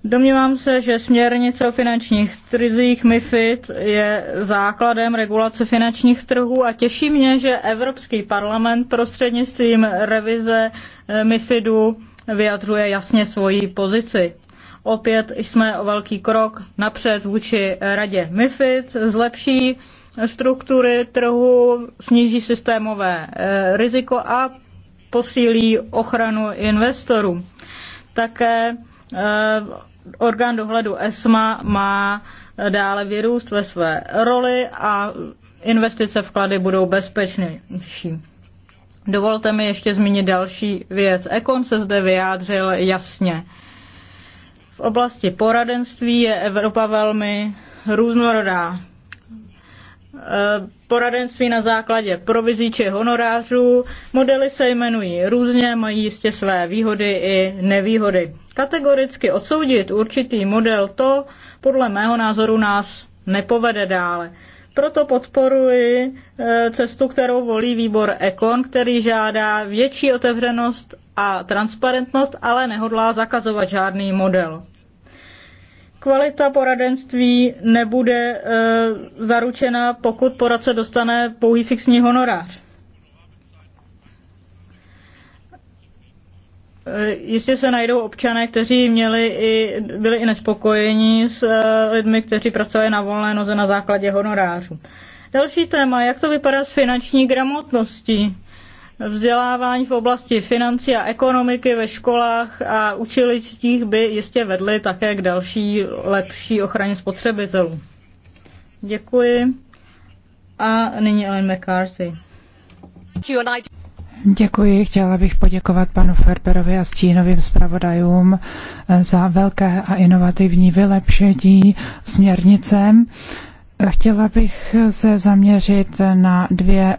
Speaker 3: Domnívám se, že směrnice o finančních trzích MIFID je základem regulace finančních trhů a těší mě, že Evropský parlament prostřednictvím revize eh, MIFIDu vyjadřuje jasně svoji pozici. Opět jsme o velký krok napřed vůči radě MIFID, zlepší struktury trhu, sníží systémové eh, riziko a posílí ochranu investorů. Také eh, orgán dohledu ESMA má eh, dále vyrůst ve své roli a investice vklady budou bezpečnější. Dovolte mi ještě zmínit další věc. Ekon se zde vyjádřil jasně. V oblasti poradenství je Evropa velmi různorodá. E, poradenství na základě provizí či honorářů. Modely se jmenují různě, mají jistě své výhody i nevýhody. Kategoricky odsoudit určitý model to podle mého názoru nás nepovede dále. Proto podporuji e, cestu, kterou volí výbor Ekon, který žádá větší otevřenost a transparentnost, ale nehodlá zakazovat žádný model. Kvalita poradenství nebude e, zaručena, pokud poradce dostane pouhý fixní honorář. E, jistě se najdou občané, kteří měli i, byli i nespokojeni s e, lidmi, kteří pracovali na volné noze na základě honorářů. Další téma, jak to vypadá s finanční gramotností? vzdělávání v oblasti financí a ekonomiky ve školách a učilištích by jistě vedly také k další lepší ochraně spotřebitelů. Děkuji. A nyní Ellen McCarthy.
Speaker 1: Děkuji. Chtěla bych poděkovat panu Ferberovi a stínovým zpravodajům za velké a inovativní vylepšení směrnicem Chtěla bych se zaměřit na dvě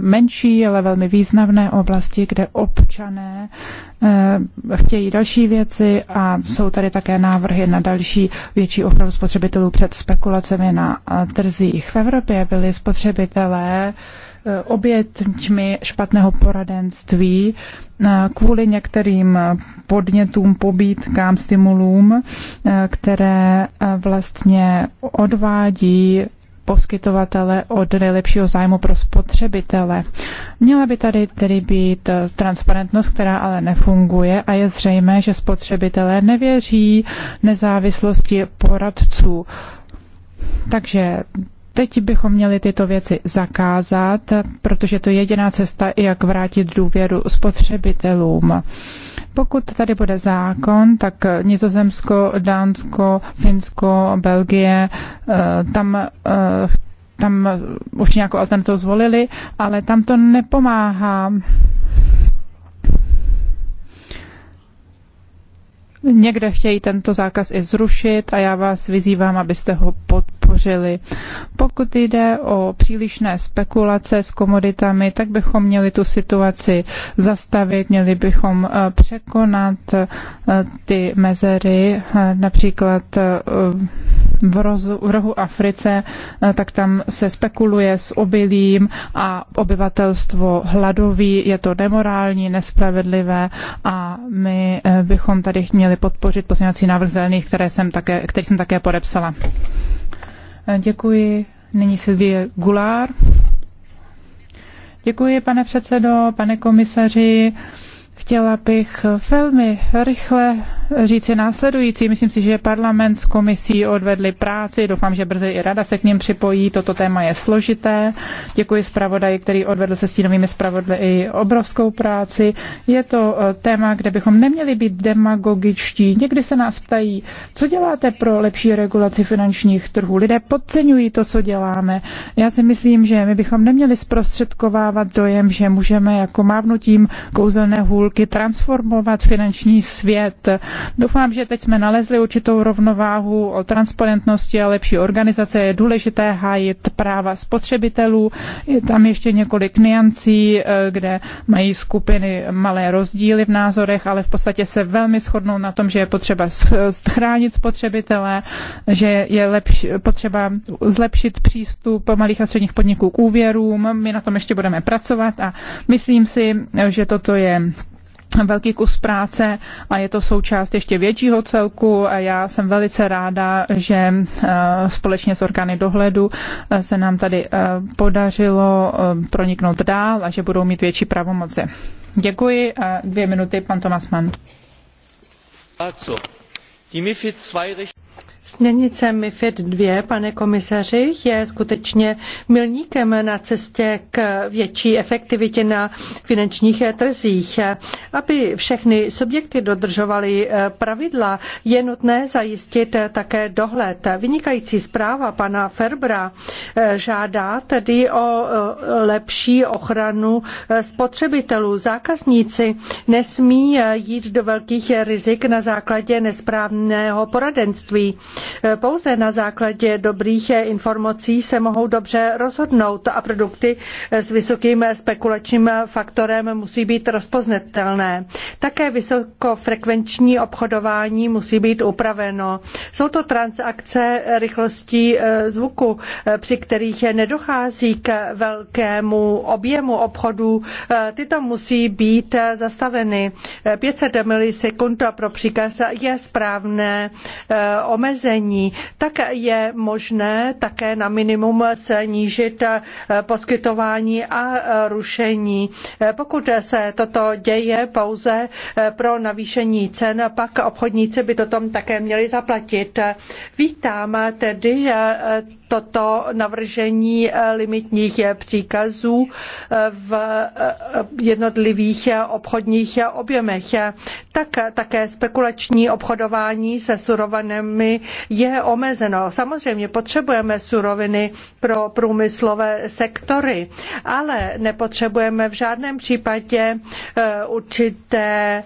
Speaker 1: menší, ale velmi významné oblasti, kde občané eh, chtějí další věci a jsou tady také návrhy na další větší ochranu spotřebitelů před spekulacemi na eh, trzích. V Evropě byli spotřebitelé Eh, oběťmi špatného poradenství eh, kvůli některým podnětům, pobítkám, stimulům, eh, které vlastně odvádí poskytovatele od nejlepšího zájmu pro spotřebitele. Měla by tady tedy být transparentnost, která ale nefunguje a je zřejmé, že spotřebitelé nevěří nezávislosti poradců. Takže Teď bychom měli tyto věci zakázat, protože to je jediná cesta, jak vrátit důvěru spotřebitelům. Pokud tady bude zákon, tak Nizozemsko, Dánsko, Finsko, Belgie, eh, tam eh, tam už nějakou alternativu zvolili, ale tam to nepomáhá. Někde chtějí tento zákaz i zrušit a já vás vyzývám, abyste ho podpořili. Pokud jde o přílišné spekulace s komoditami, tak bychom měli tu situaci zastavit, měli bychom eh, překonat eh, ty mezery, eh, například v, v rohu Africe, tak tam se spekuluje s obilím a obyvatelstvo hladoví, je to nemorální, nespravedlivé a my bychom tady měli měli podpořit pozměňovací návrh zelených, které jsem také, který jsem také podepsala. Děkuji. Nyní Silvie Gulár. Děkuji, pane předsedo, pane komisaři. Chtěla bych velmi rychle říci následující. Myslím si, že parlament s komisí odvedli práci. Doufám, že brzy i rada se k ním připojí. Toto téma je složité. Děkuji zpravodaji, který odvedl se stínovými i obrovskou práci. Je to eh, téma, kde bychom neměli být demagogičtí. Někdy se nás ptají, co děláte pro lepší regulaci finančních trhů. Lidé podceňují to, co děláme. Já si myslím, že my bychom neměli zprostředkovávat dojem, že můžeme jako mávnutím kouzelné hůl titulky transformovat finanční svět. Doufám, že teď jsme nalezli určitou rovnováhu o transparentnosti a lepší organizace. Je důležité hájit práva spotřebitelů. Je tam ještě několik niancí, eh, kde mají skupiny malé rozdíly v názorech, ale v podstatě se velmi shodnou na tom, že je potřeba chránit spotřebitele, že je lepší, potřeba zlepšit přístup malých a středních podniků k úvěrům. My na tom ještě budeme pracovat a myslím si, že toto je velký kus práce a je to součást ještě většího celku a já jsem velice ráda, že eh, společně s orgány dohledu eh, se nám tady eh, podařilo proniknout dál a že budou mít větší pravomoci. Děkuji a dvě minuty, pan Tomasman. Směrnice MIFID
Speaker 2: 2, pane komisaři, je skutečně milníkem na cestě k větší efektivitě na finančních trzích. Aby všechny subjekty dodržovaly eh, pravidla, je nutné zajistit eh, také dohled. Vynikající zpráva pana Ferbra eh, žádá tedy o lepší ochranu spotřebitelů. Zákazníci nesmí jít do velkých rizik na základě nesprávného poradenství. Eh, pouze na základě dobrých eh, informací se mohou dobře rozhodnout a produkty eh, s vysokým spekulačním faktorem musí být rozpoznatelné. Také vysokofrekvenční obchodování musí být upraveno. Jsou to transakce rychlostí zvuku, při kterých nedochází k velkému objemu obchodů. Tyto musí být zastaveny. 500 milisekund pro příkaz je správné omezení omezení, tak je možné také na minimum snížit eh, poskytování a eh, rušení. Eh, pokud se toto děje pouze pro navýšení cen, pak obchodníci by to tam také měli zaplatit. Vítám tedy toto navržení eh, limitních eh, příkazů eh, v jednotlivých obchodních objemech. Tak také spekulační obchodování se surovinami je omezeno. Samozřejmě potřebujeme suroviny pro průmyslové sektory, ale nepotřebujeme v žádném případě určité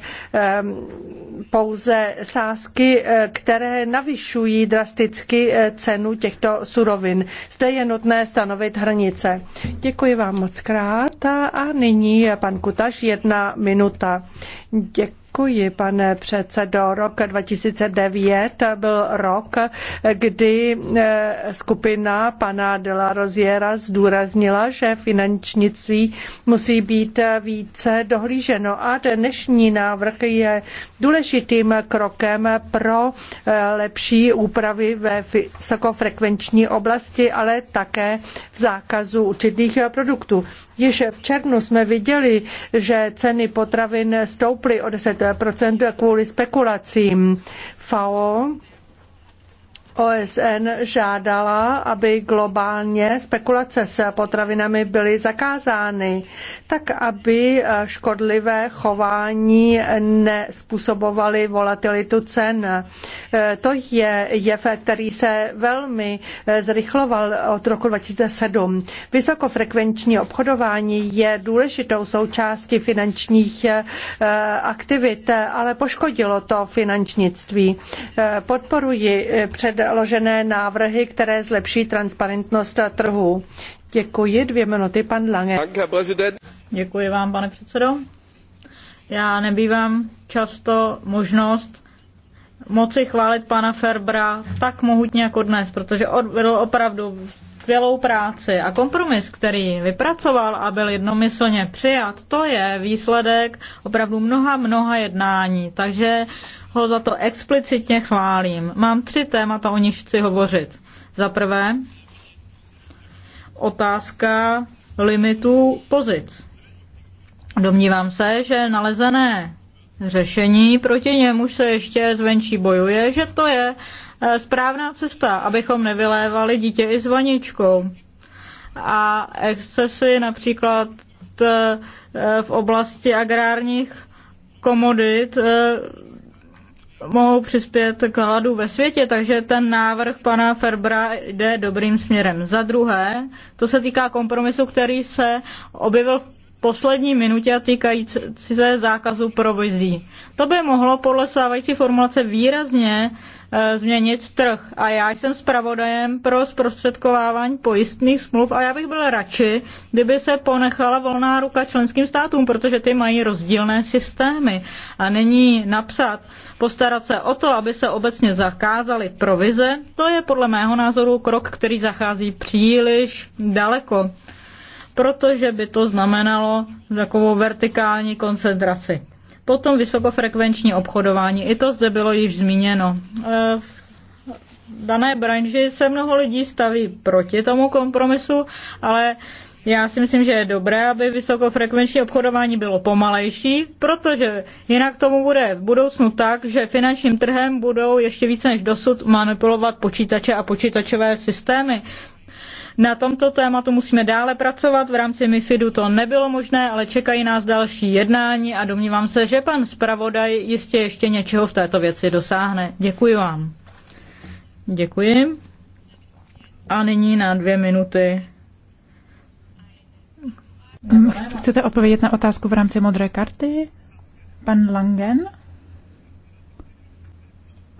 Speaker 2: pouze sázky, které navyšují drasticky cenu těchto surovin surovin. Zde je nutné stanovit hranice. Děkuji vám moc krát a nyní pan Kutaš jedna minuta. Děkuji. Děkuji, pane předsedo. Rok 2009 byl rok, kdy eh, skupina pana de la Rosiera zdůraznila, že finančnictví musí být více dohlíženo a dnešní návrh je důležitým krokem pro eh, lepší úpravy ve vysokofrekvenční oblasti, ale také v zákazu určitých produktů. Již v červnu jsme viděli, že ceny potravin stouply o 10% kvůli spekulacím. FAO OSN žádala, aby globálně spekulace s potravinami byly zakázány, tak aby škodlivé chování nespůsobovaly volatilitu cen. E, to je jev, který se velmi zrychloval od roku 2007. Vysokofrekvenční obchodování je důležitou součástí finančních e, aktivit, ale poškodilo to finančnictví. E, podporuji před předložené návrhy,
Speaker 3: které zlepší transparentnost trhu. Děkuji. Dvě minuty, pan Lange. Děkuji vám, pane předsedo. Já nebývám často možnost moci chválit pana Ferbra tak mohutně jako dnes, protože odvedl opravdu skvělou práci a kompromis, který vypracoval a byl jednomyslně přijat, to je výsledek opravdu mnoha, mnoha jednání. Takže ho za to explicitně chválím. Mám tři témata, o nich chci hovořit. Za prvé, otázka limitů pozic. Domnívám se, že nalezené řešení, proti němu se ještě zvenčí bojuje, že to je e, správná cesta, abychom nevylévali dítě i s vaničkou. A excesy například e, e, v oblasti agrárních komodit mohou přispět k hladu ve světě, takže ten návrh pana Ferbra jde dobrým směrem. Za druhé, to se týká kompromisu, který se objevil v poslední minutě a týkající se zákazu provizí. To by mohlo podle stávající formulace výrazně e, změnit trh. A já jsem zpravodajem pro zprostředkovávání pojistných smluv a já bych byl radši, kdyby se ponechala volná ruka členským státům, protože ty mají rozdílné systémy. A není napsat, postarat se o to, aby se obecně zakázaly provize, to je podle mého názoru krok, který zachází příliš daleko protože by to znamenalo takovou vertikální koncentraci. Potom vysokofrekvenční obchodování, i to zde bylo již zmíněno. E, v dané branži se mnoho lidí staví proti tomu kompromisu, ale já si myslím, že je dobré, aby vysokofrekvenční obchodování bylo pomalejší, protože jinak tomu bude v budoucnu tak, že finančním trhem budou ještě více než dosud manipulovat počítače a počítačové systémy. Na tomto tématu musíme dále pracovat, v rámci MIFIDu to nebylo možné, ale čekají nás další jednání a domnívám se, že pan zpravodaj jistě ještě něčeho v této věci dosáhne. Děkuji vám. Děkuji. A nyní na dvě minuty.
Speaker 1: Chcete odpovědět na otázku v rámci modré karty? Pan Langen?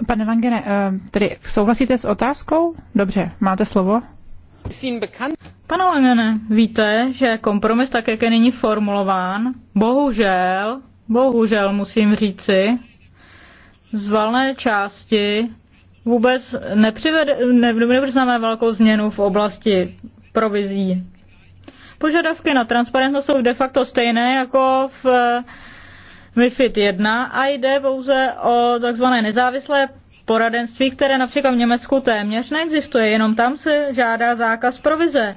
Speaker 1: Pane Langene, eh, tedy souhlasíte s otázkou? Dobře, máte slovo.
Speaker 3: Pane Langene, víte, že kompromis, tak jak je nyní formulován, bohužel, bohužel musím říci, z valné části vůbec nepřivede, ne, velkou změnu v oblasti provizí. Požadavky na transparentnost jsou de facto stejné jako v eh, MIFID 1 a jde pouze o takzvané nezávislé poradenství, které například v Německu téměř neexistuje, jenom tam se žádá zákaz provize.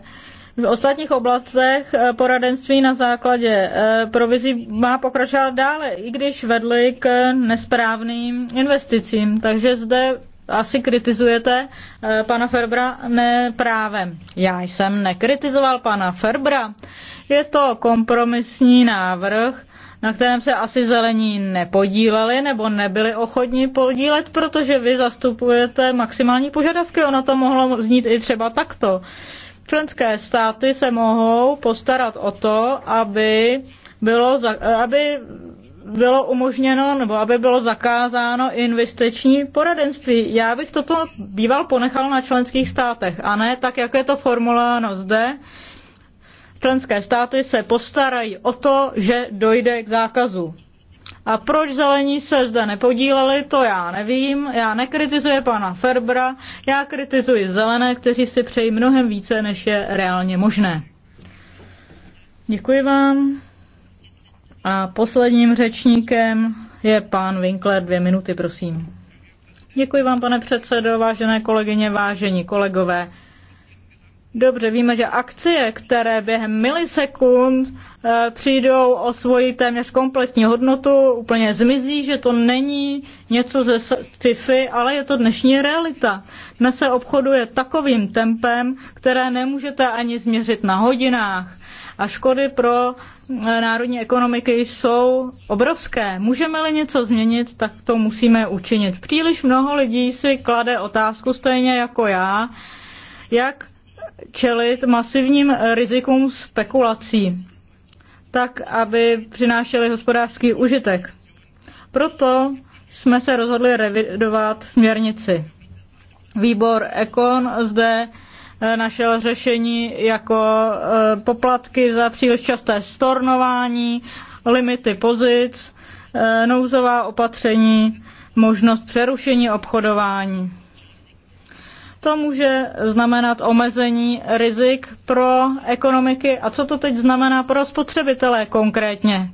Speaker 3: V ostatních oblastech eh, poradenství na základě eh, provizí má pokračovat dále, i když vedli k nesprávným investicím. Takže zde asi kritizujete eh, pana Ferbra neprávem. Já jsem nekritizoval pana Ferbra. Je to kompromisní návrh, na kterém se asi zelení nepodíleli nebo nebyli ochotní podílet, protože vy zastupujete maximální požadavky. Ono to mohlo znít i třeba takto. Členské státy se mohou postarat o to, aby bylo, aby bylo umožněno nebo aby bylo zakázáno investiční poradenství. Já bych toto býval ponechal na členských státech a ne tak, jak je to formulováno zde, členské státy se postarají o to, že dojde k zákazu. A proč zelení se zde nepodíleli, to já nevím. Já nekritizuji pana Ferbra, já kritizuji zelené, kteří si přejí mnohem více, než je reálně možné. Děkuji vám. A posledním řečníkem je pán Winkler. Dvě minuty, prosím. Děkuji vám, pane předsedo, vážené kolegyně, vážení kolegové. Dobře, víme, že akcie, které během milisekund eh, přijdou o svoji téměř kompletní hodnotu, úplně zmizí, že to není něco ze sci-fi, ale je to dnešní realita. Dnes se obchoduje takovým tempem, které nemůžete ani změřit na hodinách. A škody pro eh, národní ekonomiky jsou obrovské. Můžeme-li něco změnit, tak to musíme učinit. Příliš mnoho lidí si klade otázku, stejně jako já, jak čelit masivním rizikům spekulací, tak aby přinášely hospodářský užitek. Proto jsme se rozhodli revidovat směrnici. Výbor Ekon zde eh, našel řešení jako eh, poplatky za příliš časté stornování, limity pozic, eh, nouzová opatření, možnost přerušení obchodování. To může znamenat omezení rizik pro ekonomiky. A co to teď znamená pro spotřebitele konkrétně?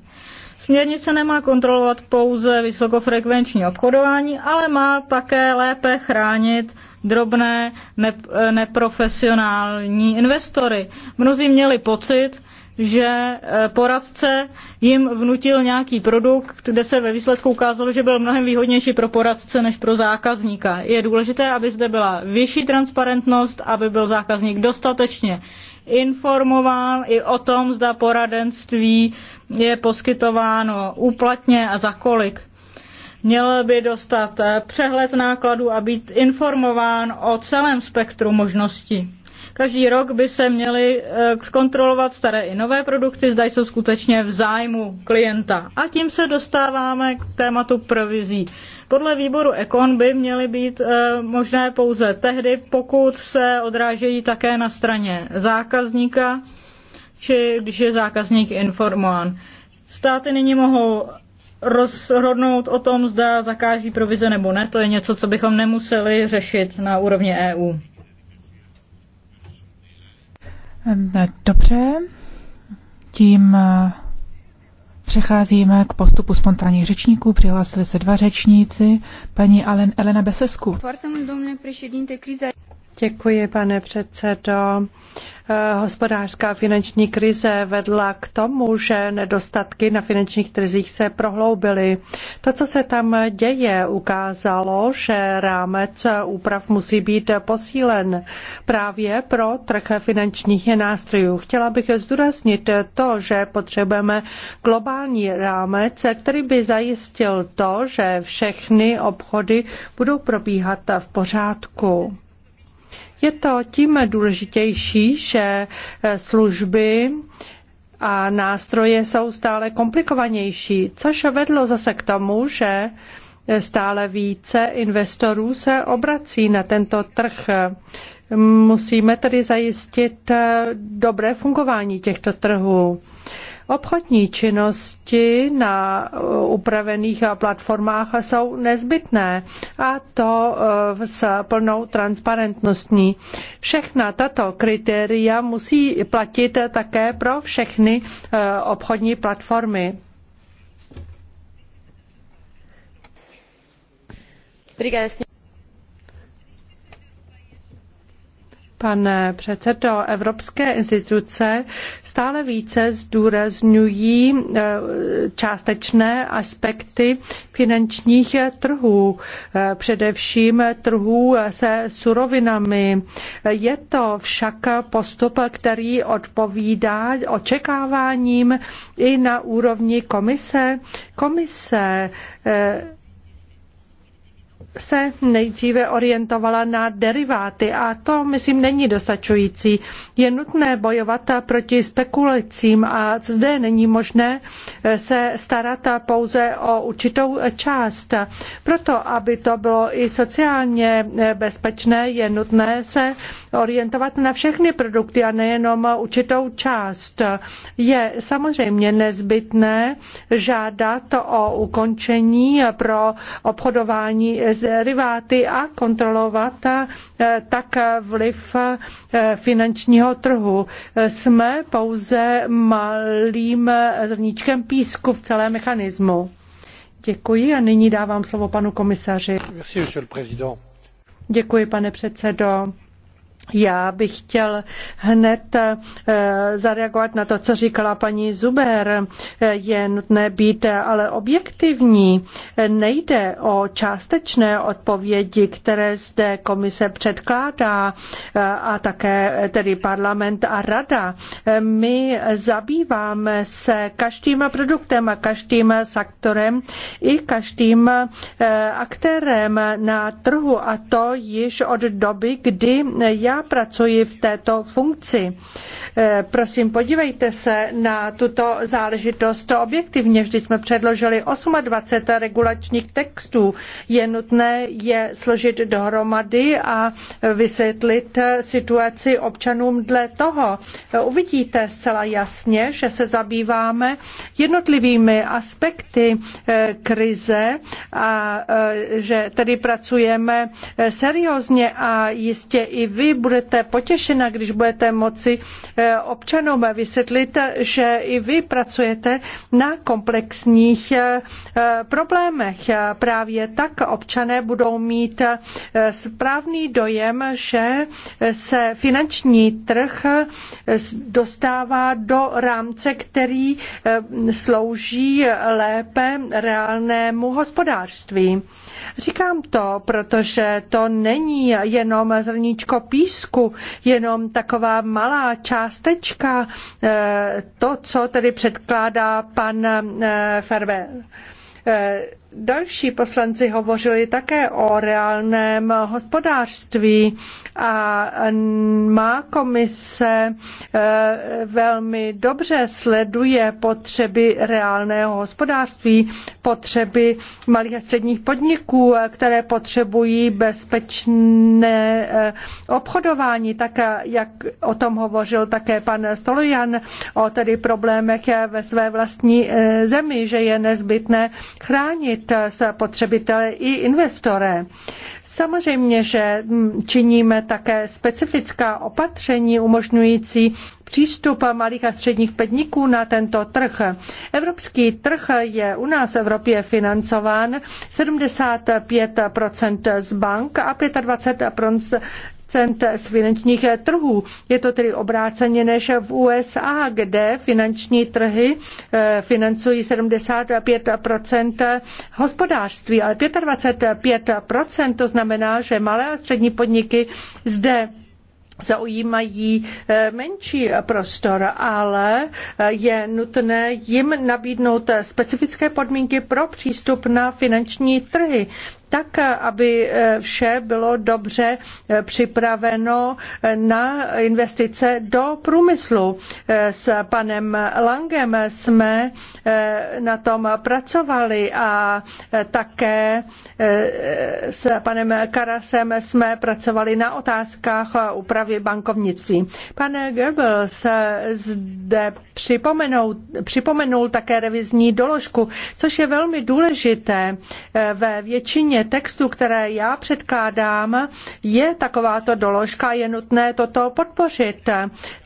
Speaker 3: Směrnice nemá kontrolovat pouze vysokofrekvenční obchodování, ale má také lépe chránit drobné neprofesionální investory. Mnozí měli pocit, že eh, poradce jim vnutil nějaký produkt, kde se ve výsledku ukázalo, že byl mnohem výhodnější pro poradce než pro zákazníka. Je důležité, aby zde byla vyšší transparentnost, aby byl zákazník dostatečně informován i o tom, zda poradenství je poskytováno úplatně a za kolik. Měl by dostat eh, přehled nákladů a být informován o celém spektru možností. Každý rok by se měly eh, zkontrolovat staré i nové produkty, zda jsou skutečně v zájmu klienta. A tím se dostáváme k tématu provizí. Podle výboru Ekon by měly být eh, možné pouze tehdy, pokud se odrážejí také na straně zákazníka, či když je zákazník informován. Státy nyní mohou rozhodnout o tom, zda zakáží provize nebo ne, to je něco, co bychom nemuseli řešit na úrovni EU.
Speaker 1: Eh, dobře, tím eh, přecházíme k postupu spontánních řečníků. Přihlásili se dva řečníci, paní Elena Besesku.
Speaker 3: Děkuji,
Speaker 2: pane předsedo. Eh, hospodářská finanční krize vedla k tomu, že nedostatky na finančních trzích se prohloubily. To, co se tam děje, ukázalo, že rámec úprav musí být posílen právě pro trh finančních nástrojů. Chtěla bych zdůraznit to, že potřebujeme globální rámec, který by zajistil to, že všechny obchody budou probíhat v pořádku. Je to tím důležitější, že eh, služby a nástroje jsou stále komplikovanější, což vedlo zase k tomu, že eh, stále více investorů se obrací na tento trh. Musíme tedy zajistit eh, dobré fungování těchto trhů. Obchodní činnosti na uh, upravených uh, platformách jsou nezbytné a to uh, s plnou transparentností. Všechna tato kritéria musí platit také pro všechny obchodní platformy. Obrigada, Pane předsedo, evropské instituce stále více zdůrazňují eh, částečné aspekty finančních trhů, eh, především trhů se surovinami. Je to však postup, který odpovídá očekáváním i na úrovni komise. Komise eh, se nejdříve orientovala na deriváty a to, myslím, není dostačující. Je nutné bojovat proti spekulacím a zde není možné eh, se starat pouze o určitou část. Proto, aby to bylo i sociálně eh, bezpečné, je nutné se orientovat na všechny produkty a nejenom určitou část. Je samozřejmě nezbytné žádat o ukončení pro obchodování s deriváty a kontrolovat eh, tak vliv eh, finančního trhu. Jsme pouze malým eh, zrníčkem písku v celém mechanismu. Děkuji a nyní dávám slovo panu komisaři. Děkuji, pane předsedo. Já bych chtěl hned eh, zareagovat na to, co říkala paní Zuber. Je nutné být eh, ale objektivní. Nejde o částečné odpovědi, které zde komise předkládá eh, a také tedy parlament a rada. My zabýváme se každým produktem a každým sektorem i každým aktérem na trhu a to již od doby, kdy já pracuji v této funkci. Eh, prosím, podívejte se na tuto záležitost to objektivně. Vždyť jsme předložili 28 regulačních textů. Je nutné je složit dohromady a vysvětlit situaci občanům dle toho. Uvidíte zcela jasně, že se zabýváme jednotlivými aspekty eh, krize a eh, že tedy pracujeme seriózně a jistě i vy budete potěšena, když budete moci eh, občanům vysvětlit, že i vy pracujete na komplexních eh, eh, problémech. Právě tak občané budou mít správný dojem, že se finanční trh dostává do rámce, který slouží lépe reálnému hospodářství. Říkám to, protože to není jenom zrníčko píš písku, jenom taková malá částečka, eh, to, co tedy předkládá pan eh, Ferber. Eh, další poslanci hovořili také o reálném hospodářství a má komise velmi dobře sleduje potřeby reálného hospodářství potřeby malých a středních podniků, které potřebují bezpečné eh, obchodování, tak eh, jak o tom hovořil také pan Stolojan, o tedy problémech eh, ve své vlastní zemi, že je nezbytné chránit spotřebitele i investory. Samozřejmě, že mm, činíme také specifická opatření umožňující přístup malých a středních podniků na tento trh. Evropský trh je u nás v Evropě financován 75 z bank a 25 z finančních trhů. Je to tedy obráceně než v USA, kde finanční trhy eh, financují 75 hospodářství, ale 25 to znamená, že malé a střední podniky zde zaujímají eh, menší prostor, ale eh, je nutné jim nabídnout specifické podmínky pro přístup na finanční trhy tak, aby eh, vše bylo dobře eh, připraveno eh, na investice do průmyslu. S panem Langem jsme na tom pracovali a také s panem Karasem jsme pracovali na otázkách úpravy bankovnictví. Pan Goebbels zde připomenul, připomenul také revizní doložku, což je velmi důležité ve většině Většině textů, které já předkládám, je takováto doložka, je nutné toto podpořit.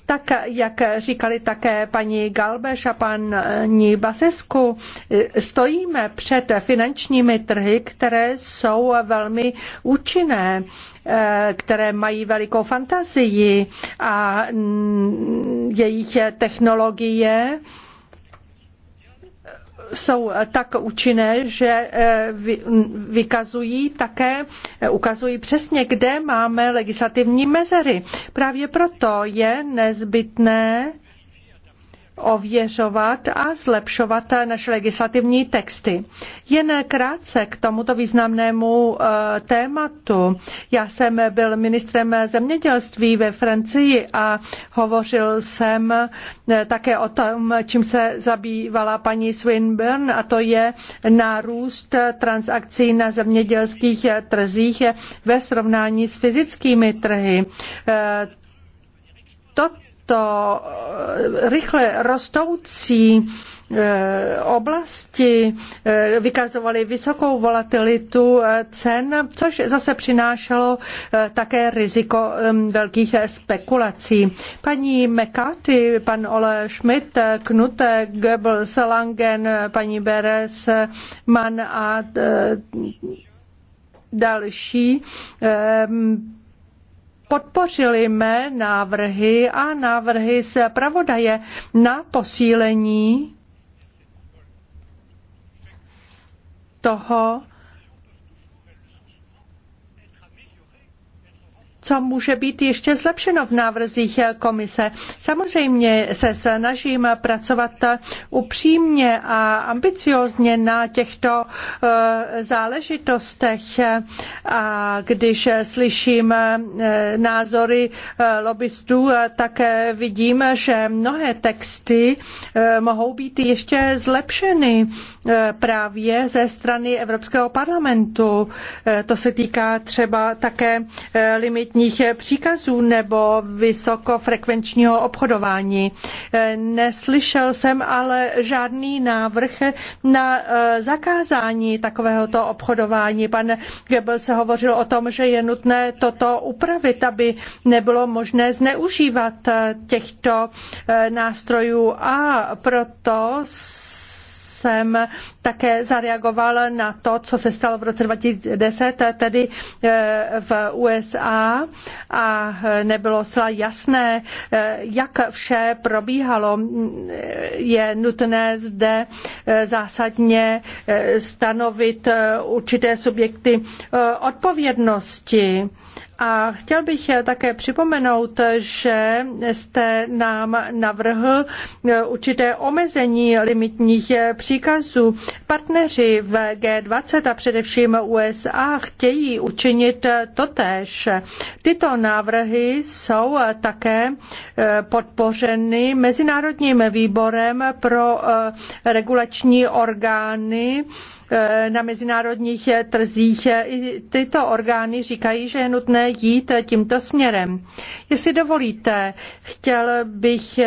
Speaker 2: Tak, jak říkali také paní Galbeš a paní Basesku, stojíme před finančními trhy, které jsou velmi účinné eh, které mají velikou fantazii a jejich technologie jsou tak účinné, že eh, vykazují také, eh, ukazují přesně, kde máme legislativní mezery. Právě proto je nezbytné ověřovat a zlepšovat naše legislativní texty. Jen krátce k tomuto významnému eh, tématu. Já jsem byl ministrem zemědělství ve Francii a hovořil jsem eh, také o tom, čím se zabývala paní Swinburne a to je nárůst transakcí na zemědělských trzích ve srovnání s fyzickými trhy. Eh, Toto to eh, rychle rostoucí eh, oblasti eh, vykazovaly vysokou volatilitu cen, což zase přinášelo také riziko velkých spekulací. Paní McCarthy, pan Ole Schmidt, Knut Goebbels, Langen, paní Beres, Mann a další podpořili mé návrhy a návrhy z pravodaje na posílení toho, co může být ještě zlepšeno v návrzích komise. Samozřejmě se snažím pracovat upřímně a ambiciozně na těchto eh, záležitostech. A když slyším eh, názory eh, lobbystů, tak vidím, že mnohé texty mohou být ještě zlepšeny právě ze strany Evropského parlamentu. To se týká třeba také limit mýtných příkazů nebo vysokofrekvenčního obchodování. Eh, neslyšel jsem ale žádný návrh na eh, zakázání takovéhoto obchodování. Pan Goebbels hovořil o tom, že je nutné toto upravit, aby nebylo možné zneužívat eh, těchto nástrojů a proto jsem také zareagoval na to, co se stalo v roce 2010, tedy eh, v USA a nebylo zcela jasné, eh, jak vše probíhalo. Je nutné zde eh, zásadně stanovit určité subjekty odpovědnosti. A chtěl bych také připomenout, že jste nám navrhl určité omezení limitních příkazů. Partneři v G20 a především USA chtějí učinit totéž. Tyto návrhy jsou také eh, podpořeny Mezinárodním výborem pro eh, regulační orgány eh, na mezinárodních trzích. I tyto orgány říkají, že je nutné jít tímto směrem. Jestli dovolíte, chtěl bych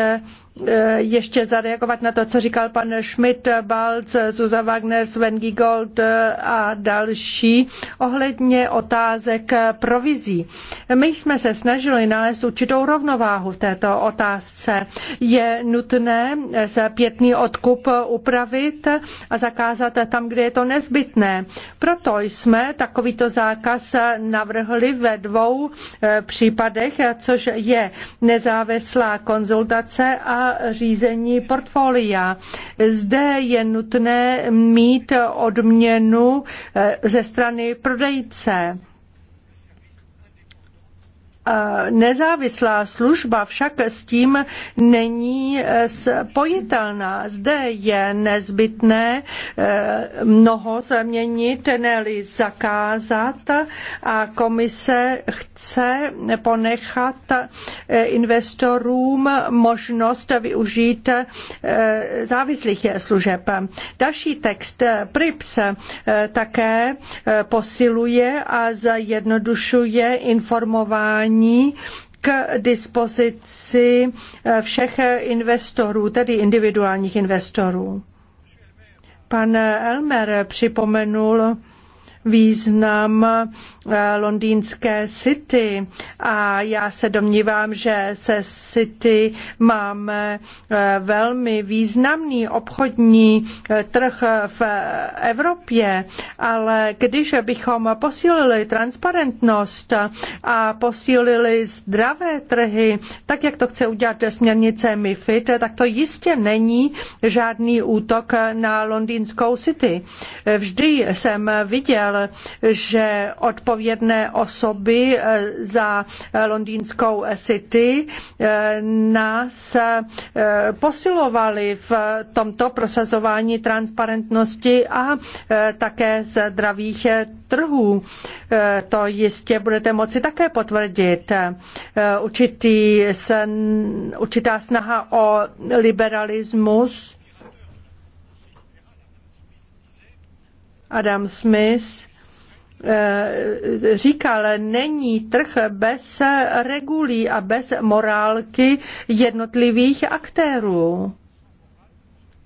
Speaker 2: Eh, ještě zareagovat na to, co říkal pan Schmidt, Balc, Zuza Wagner, Sven Giegold eh, a další ohledně otázek provizí. My jsme se snažili nalézt určitou rovnováhu v této otázce. Je nutné zpětný odkup upravit a zakázat tam, kde je to nezbytné. Proto jsme takovýto zákaz navrhli ve dvou eh, případech, což je nezávislá konzultace a řízení portfolia. Zde je nutné mít odměnu eh, ze strany prodejce Nezávislá služba však s tím není eh, spojitelná. Zde je nezbytné eh, mnoho změnit, ne-li zakázat a komise chce ponechat eh, investorům možnost využít závislých služeb. Další text PRIPS také posiluje a zjednodušuje informování není k dispozici eh, všech eh, investorů, tedy individuálních investorů. Pan Elmer připomenul význam Eh, londýnské City a já se domnívám, že se City máme eh, velmi významný obchodní eh, trh v Evropě, ale když bychom posílili transparentnost a posílili zdravé trhy, tak jak to chce udělat směrnice MIFID, tak to jistě není žádný útok na londýnskou City. Vždy jsem viděl, že odpověď odpovědné osoby eh, za eh, londýnskou City eh, nás posilovali v tomto prosazování transparentnosti a také zdravých trhů. To jistě budete moci také potvrdit. Určitý, určitá snaha o liberalismus Adam Smith Eh, říkal, není trh bez regulí a bez morálky jednotlivých aktérů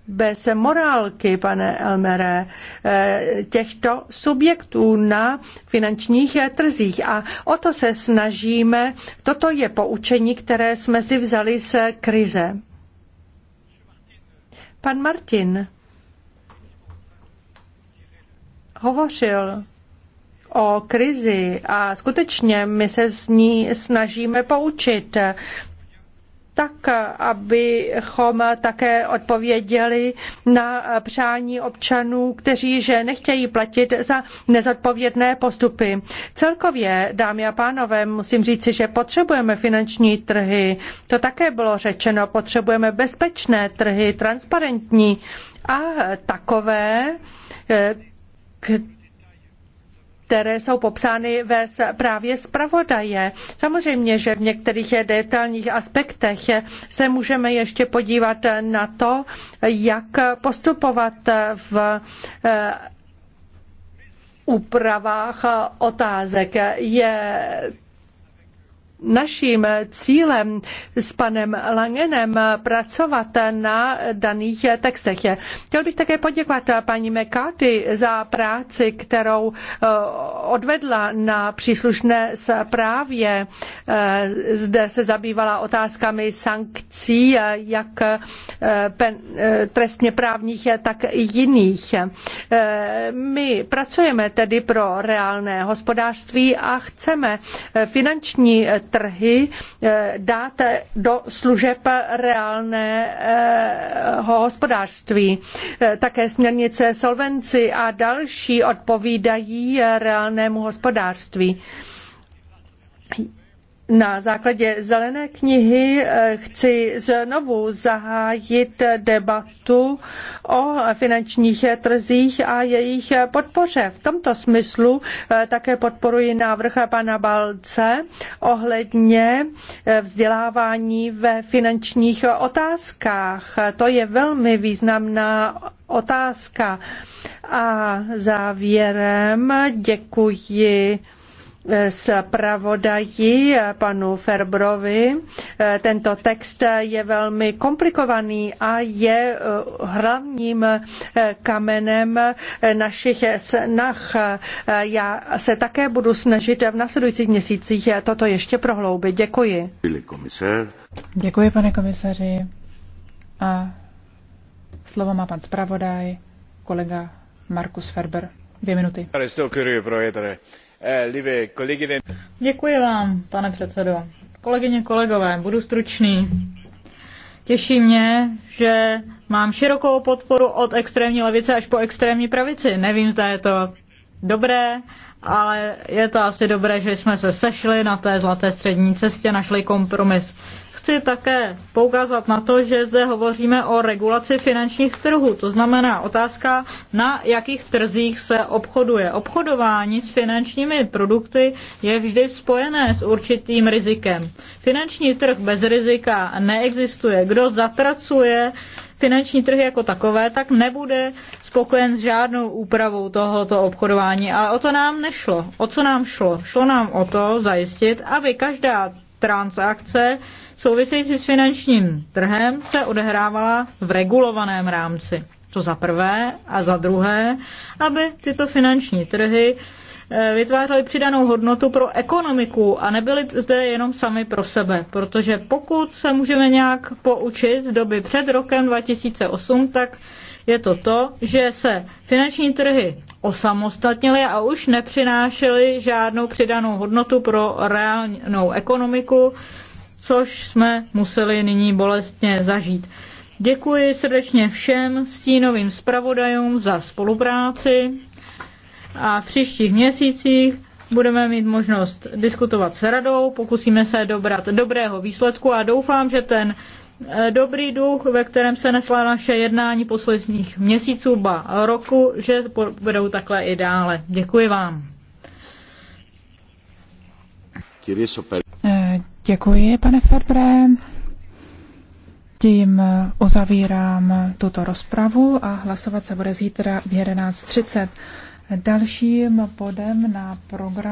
Speaker 2: bez morálky, pane Elmere, eh, těchto subjektů na finančních trzích. A o to se snažíme. Toto je poučení, které jsme si vzali z krize. Pan Martin hovořil o krizi a skutečně my se z ní snažíme poučit tak, abychom také odpověděli na přání občanů, kteří že nechtějí platit za nezodpovědné postupy. Celkově, dámy a pánové, musím říci, že potřebujeme finanční trhy. To také bylo řečeno. Potřebujeme bezpečné trhy, transparentní a takové, eh, které jsou popsány ve zprávě zpravodaje. Samozřejmě, že v některých detailních aspektech se můžeme ještě podívat na to, jak postupovat v eh, úpravách otázek. Je naším cílem s panem Langenem pracovat na daných textech. Chtěl bych také poděkovat paní McCarthy za práci, kterou eh, odvedla na příslušné zprávě. Eh, zde se zabývala otázkami sankcí, eh, jak trestně právních, tak i jiných. My pracujeme tedy pro reálné hospodářství a chceme finanční trhy eh, dát do služeb reálného hospodářství. Eh, také směrnice solvenci a další odpovídají eh, reálnému hospodářství na základě zelené knihy eh, chci znovu zahájit debatu o finančních trzích a jejich podpoře. V tomto smyslu eh, také podporuji návrh pana Balce ohledně eh, vzdělávání ve finančních otázkách. To je velmi významná otázka. A závěrem děkuji zpravodaji panu Ferbrovi. Tento text je velmi komplikovaný a je eh, hlavním eh, kamenem eh, našich snah. Já se také budu snažit v následujících měsících toto ještě prohloubit. Děkuji.
Speaker 1: Děkuji, pane komisaři. A slovo má pan zpravodaj, kolega Markus Ferber. Dvě minuty.
Speaker 3: Děkuji, Eh, Děkuji vám, pane předsedo. Kolegyně, kolegové, budu stručný. Těší mě, že mám širokou podporu od extrémní levice až po extrémní pravici. Nevím, zda je to dobré, ale je to asi dobré, že jsme se sešli na té zlaté střední cestě, našli kompromis chci také poukázat na to, že zde hovoříme o regulaci finančních trhů. To znamená otázka, na jakých trzích se obchoduje. Obchodování s finančními produkty je vždy spojené s určitým rizikem. Finanční trh bez rizika neexistuje. Kdo zatracuje finanční trh jako takové, tak nebude spokojen s žádnou úpravou tohoto obchodování. Ale o to nám nešlo. O co nám šlo? Šlo nám o to zajistit, aby každá transakce související s finančním trhem se odehrávala v regulovaném rámci. To za prvé a za druhé, aby tyto finanční trhy eh, vytvářely přidanou hodnotu pro ekonomiku a nebyly zde jenom sami pro sebe, protože pokud se můžeme nějak poučit z doby před rokem 2008, tak je to to, že se finanční trhy osamostatnily a už nepřinášely žádnou přidanou hodnotu pro reálnou ekonomiku, což jsme museli nyní bolestně zažít. Děkuji srdečně všem stínovým zpravodajům za spolupráci a v příštích měsících budeme mít možnost diskutovat s radou, pokusíme se dobrat dobrého výsledku a doufám, že ten eh, dobrý duch, ve kterém se nesla naše jednání posledních měsíců, ba roku, že budou takhle i dále. Děkuji vám.
Speaker 1: Děkuji, pane Ferbre. Tím uzavírám tuto rozpravu a hlasovat se bude zítra v 11.30. Dalším bodem na programu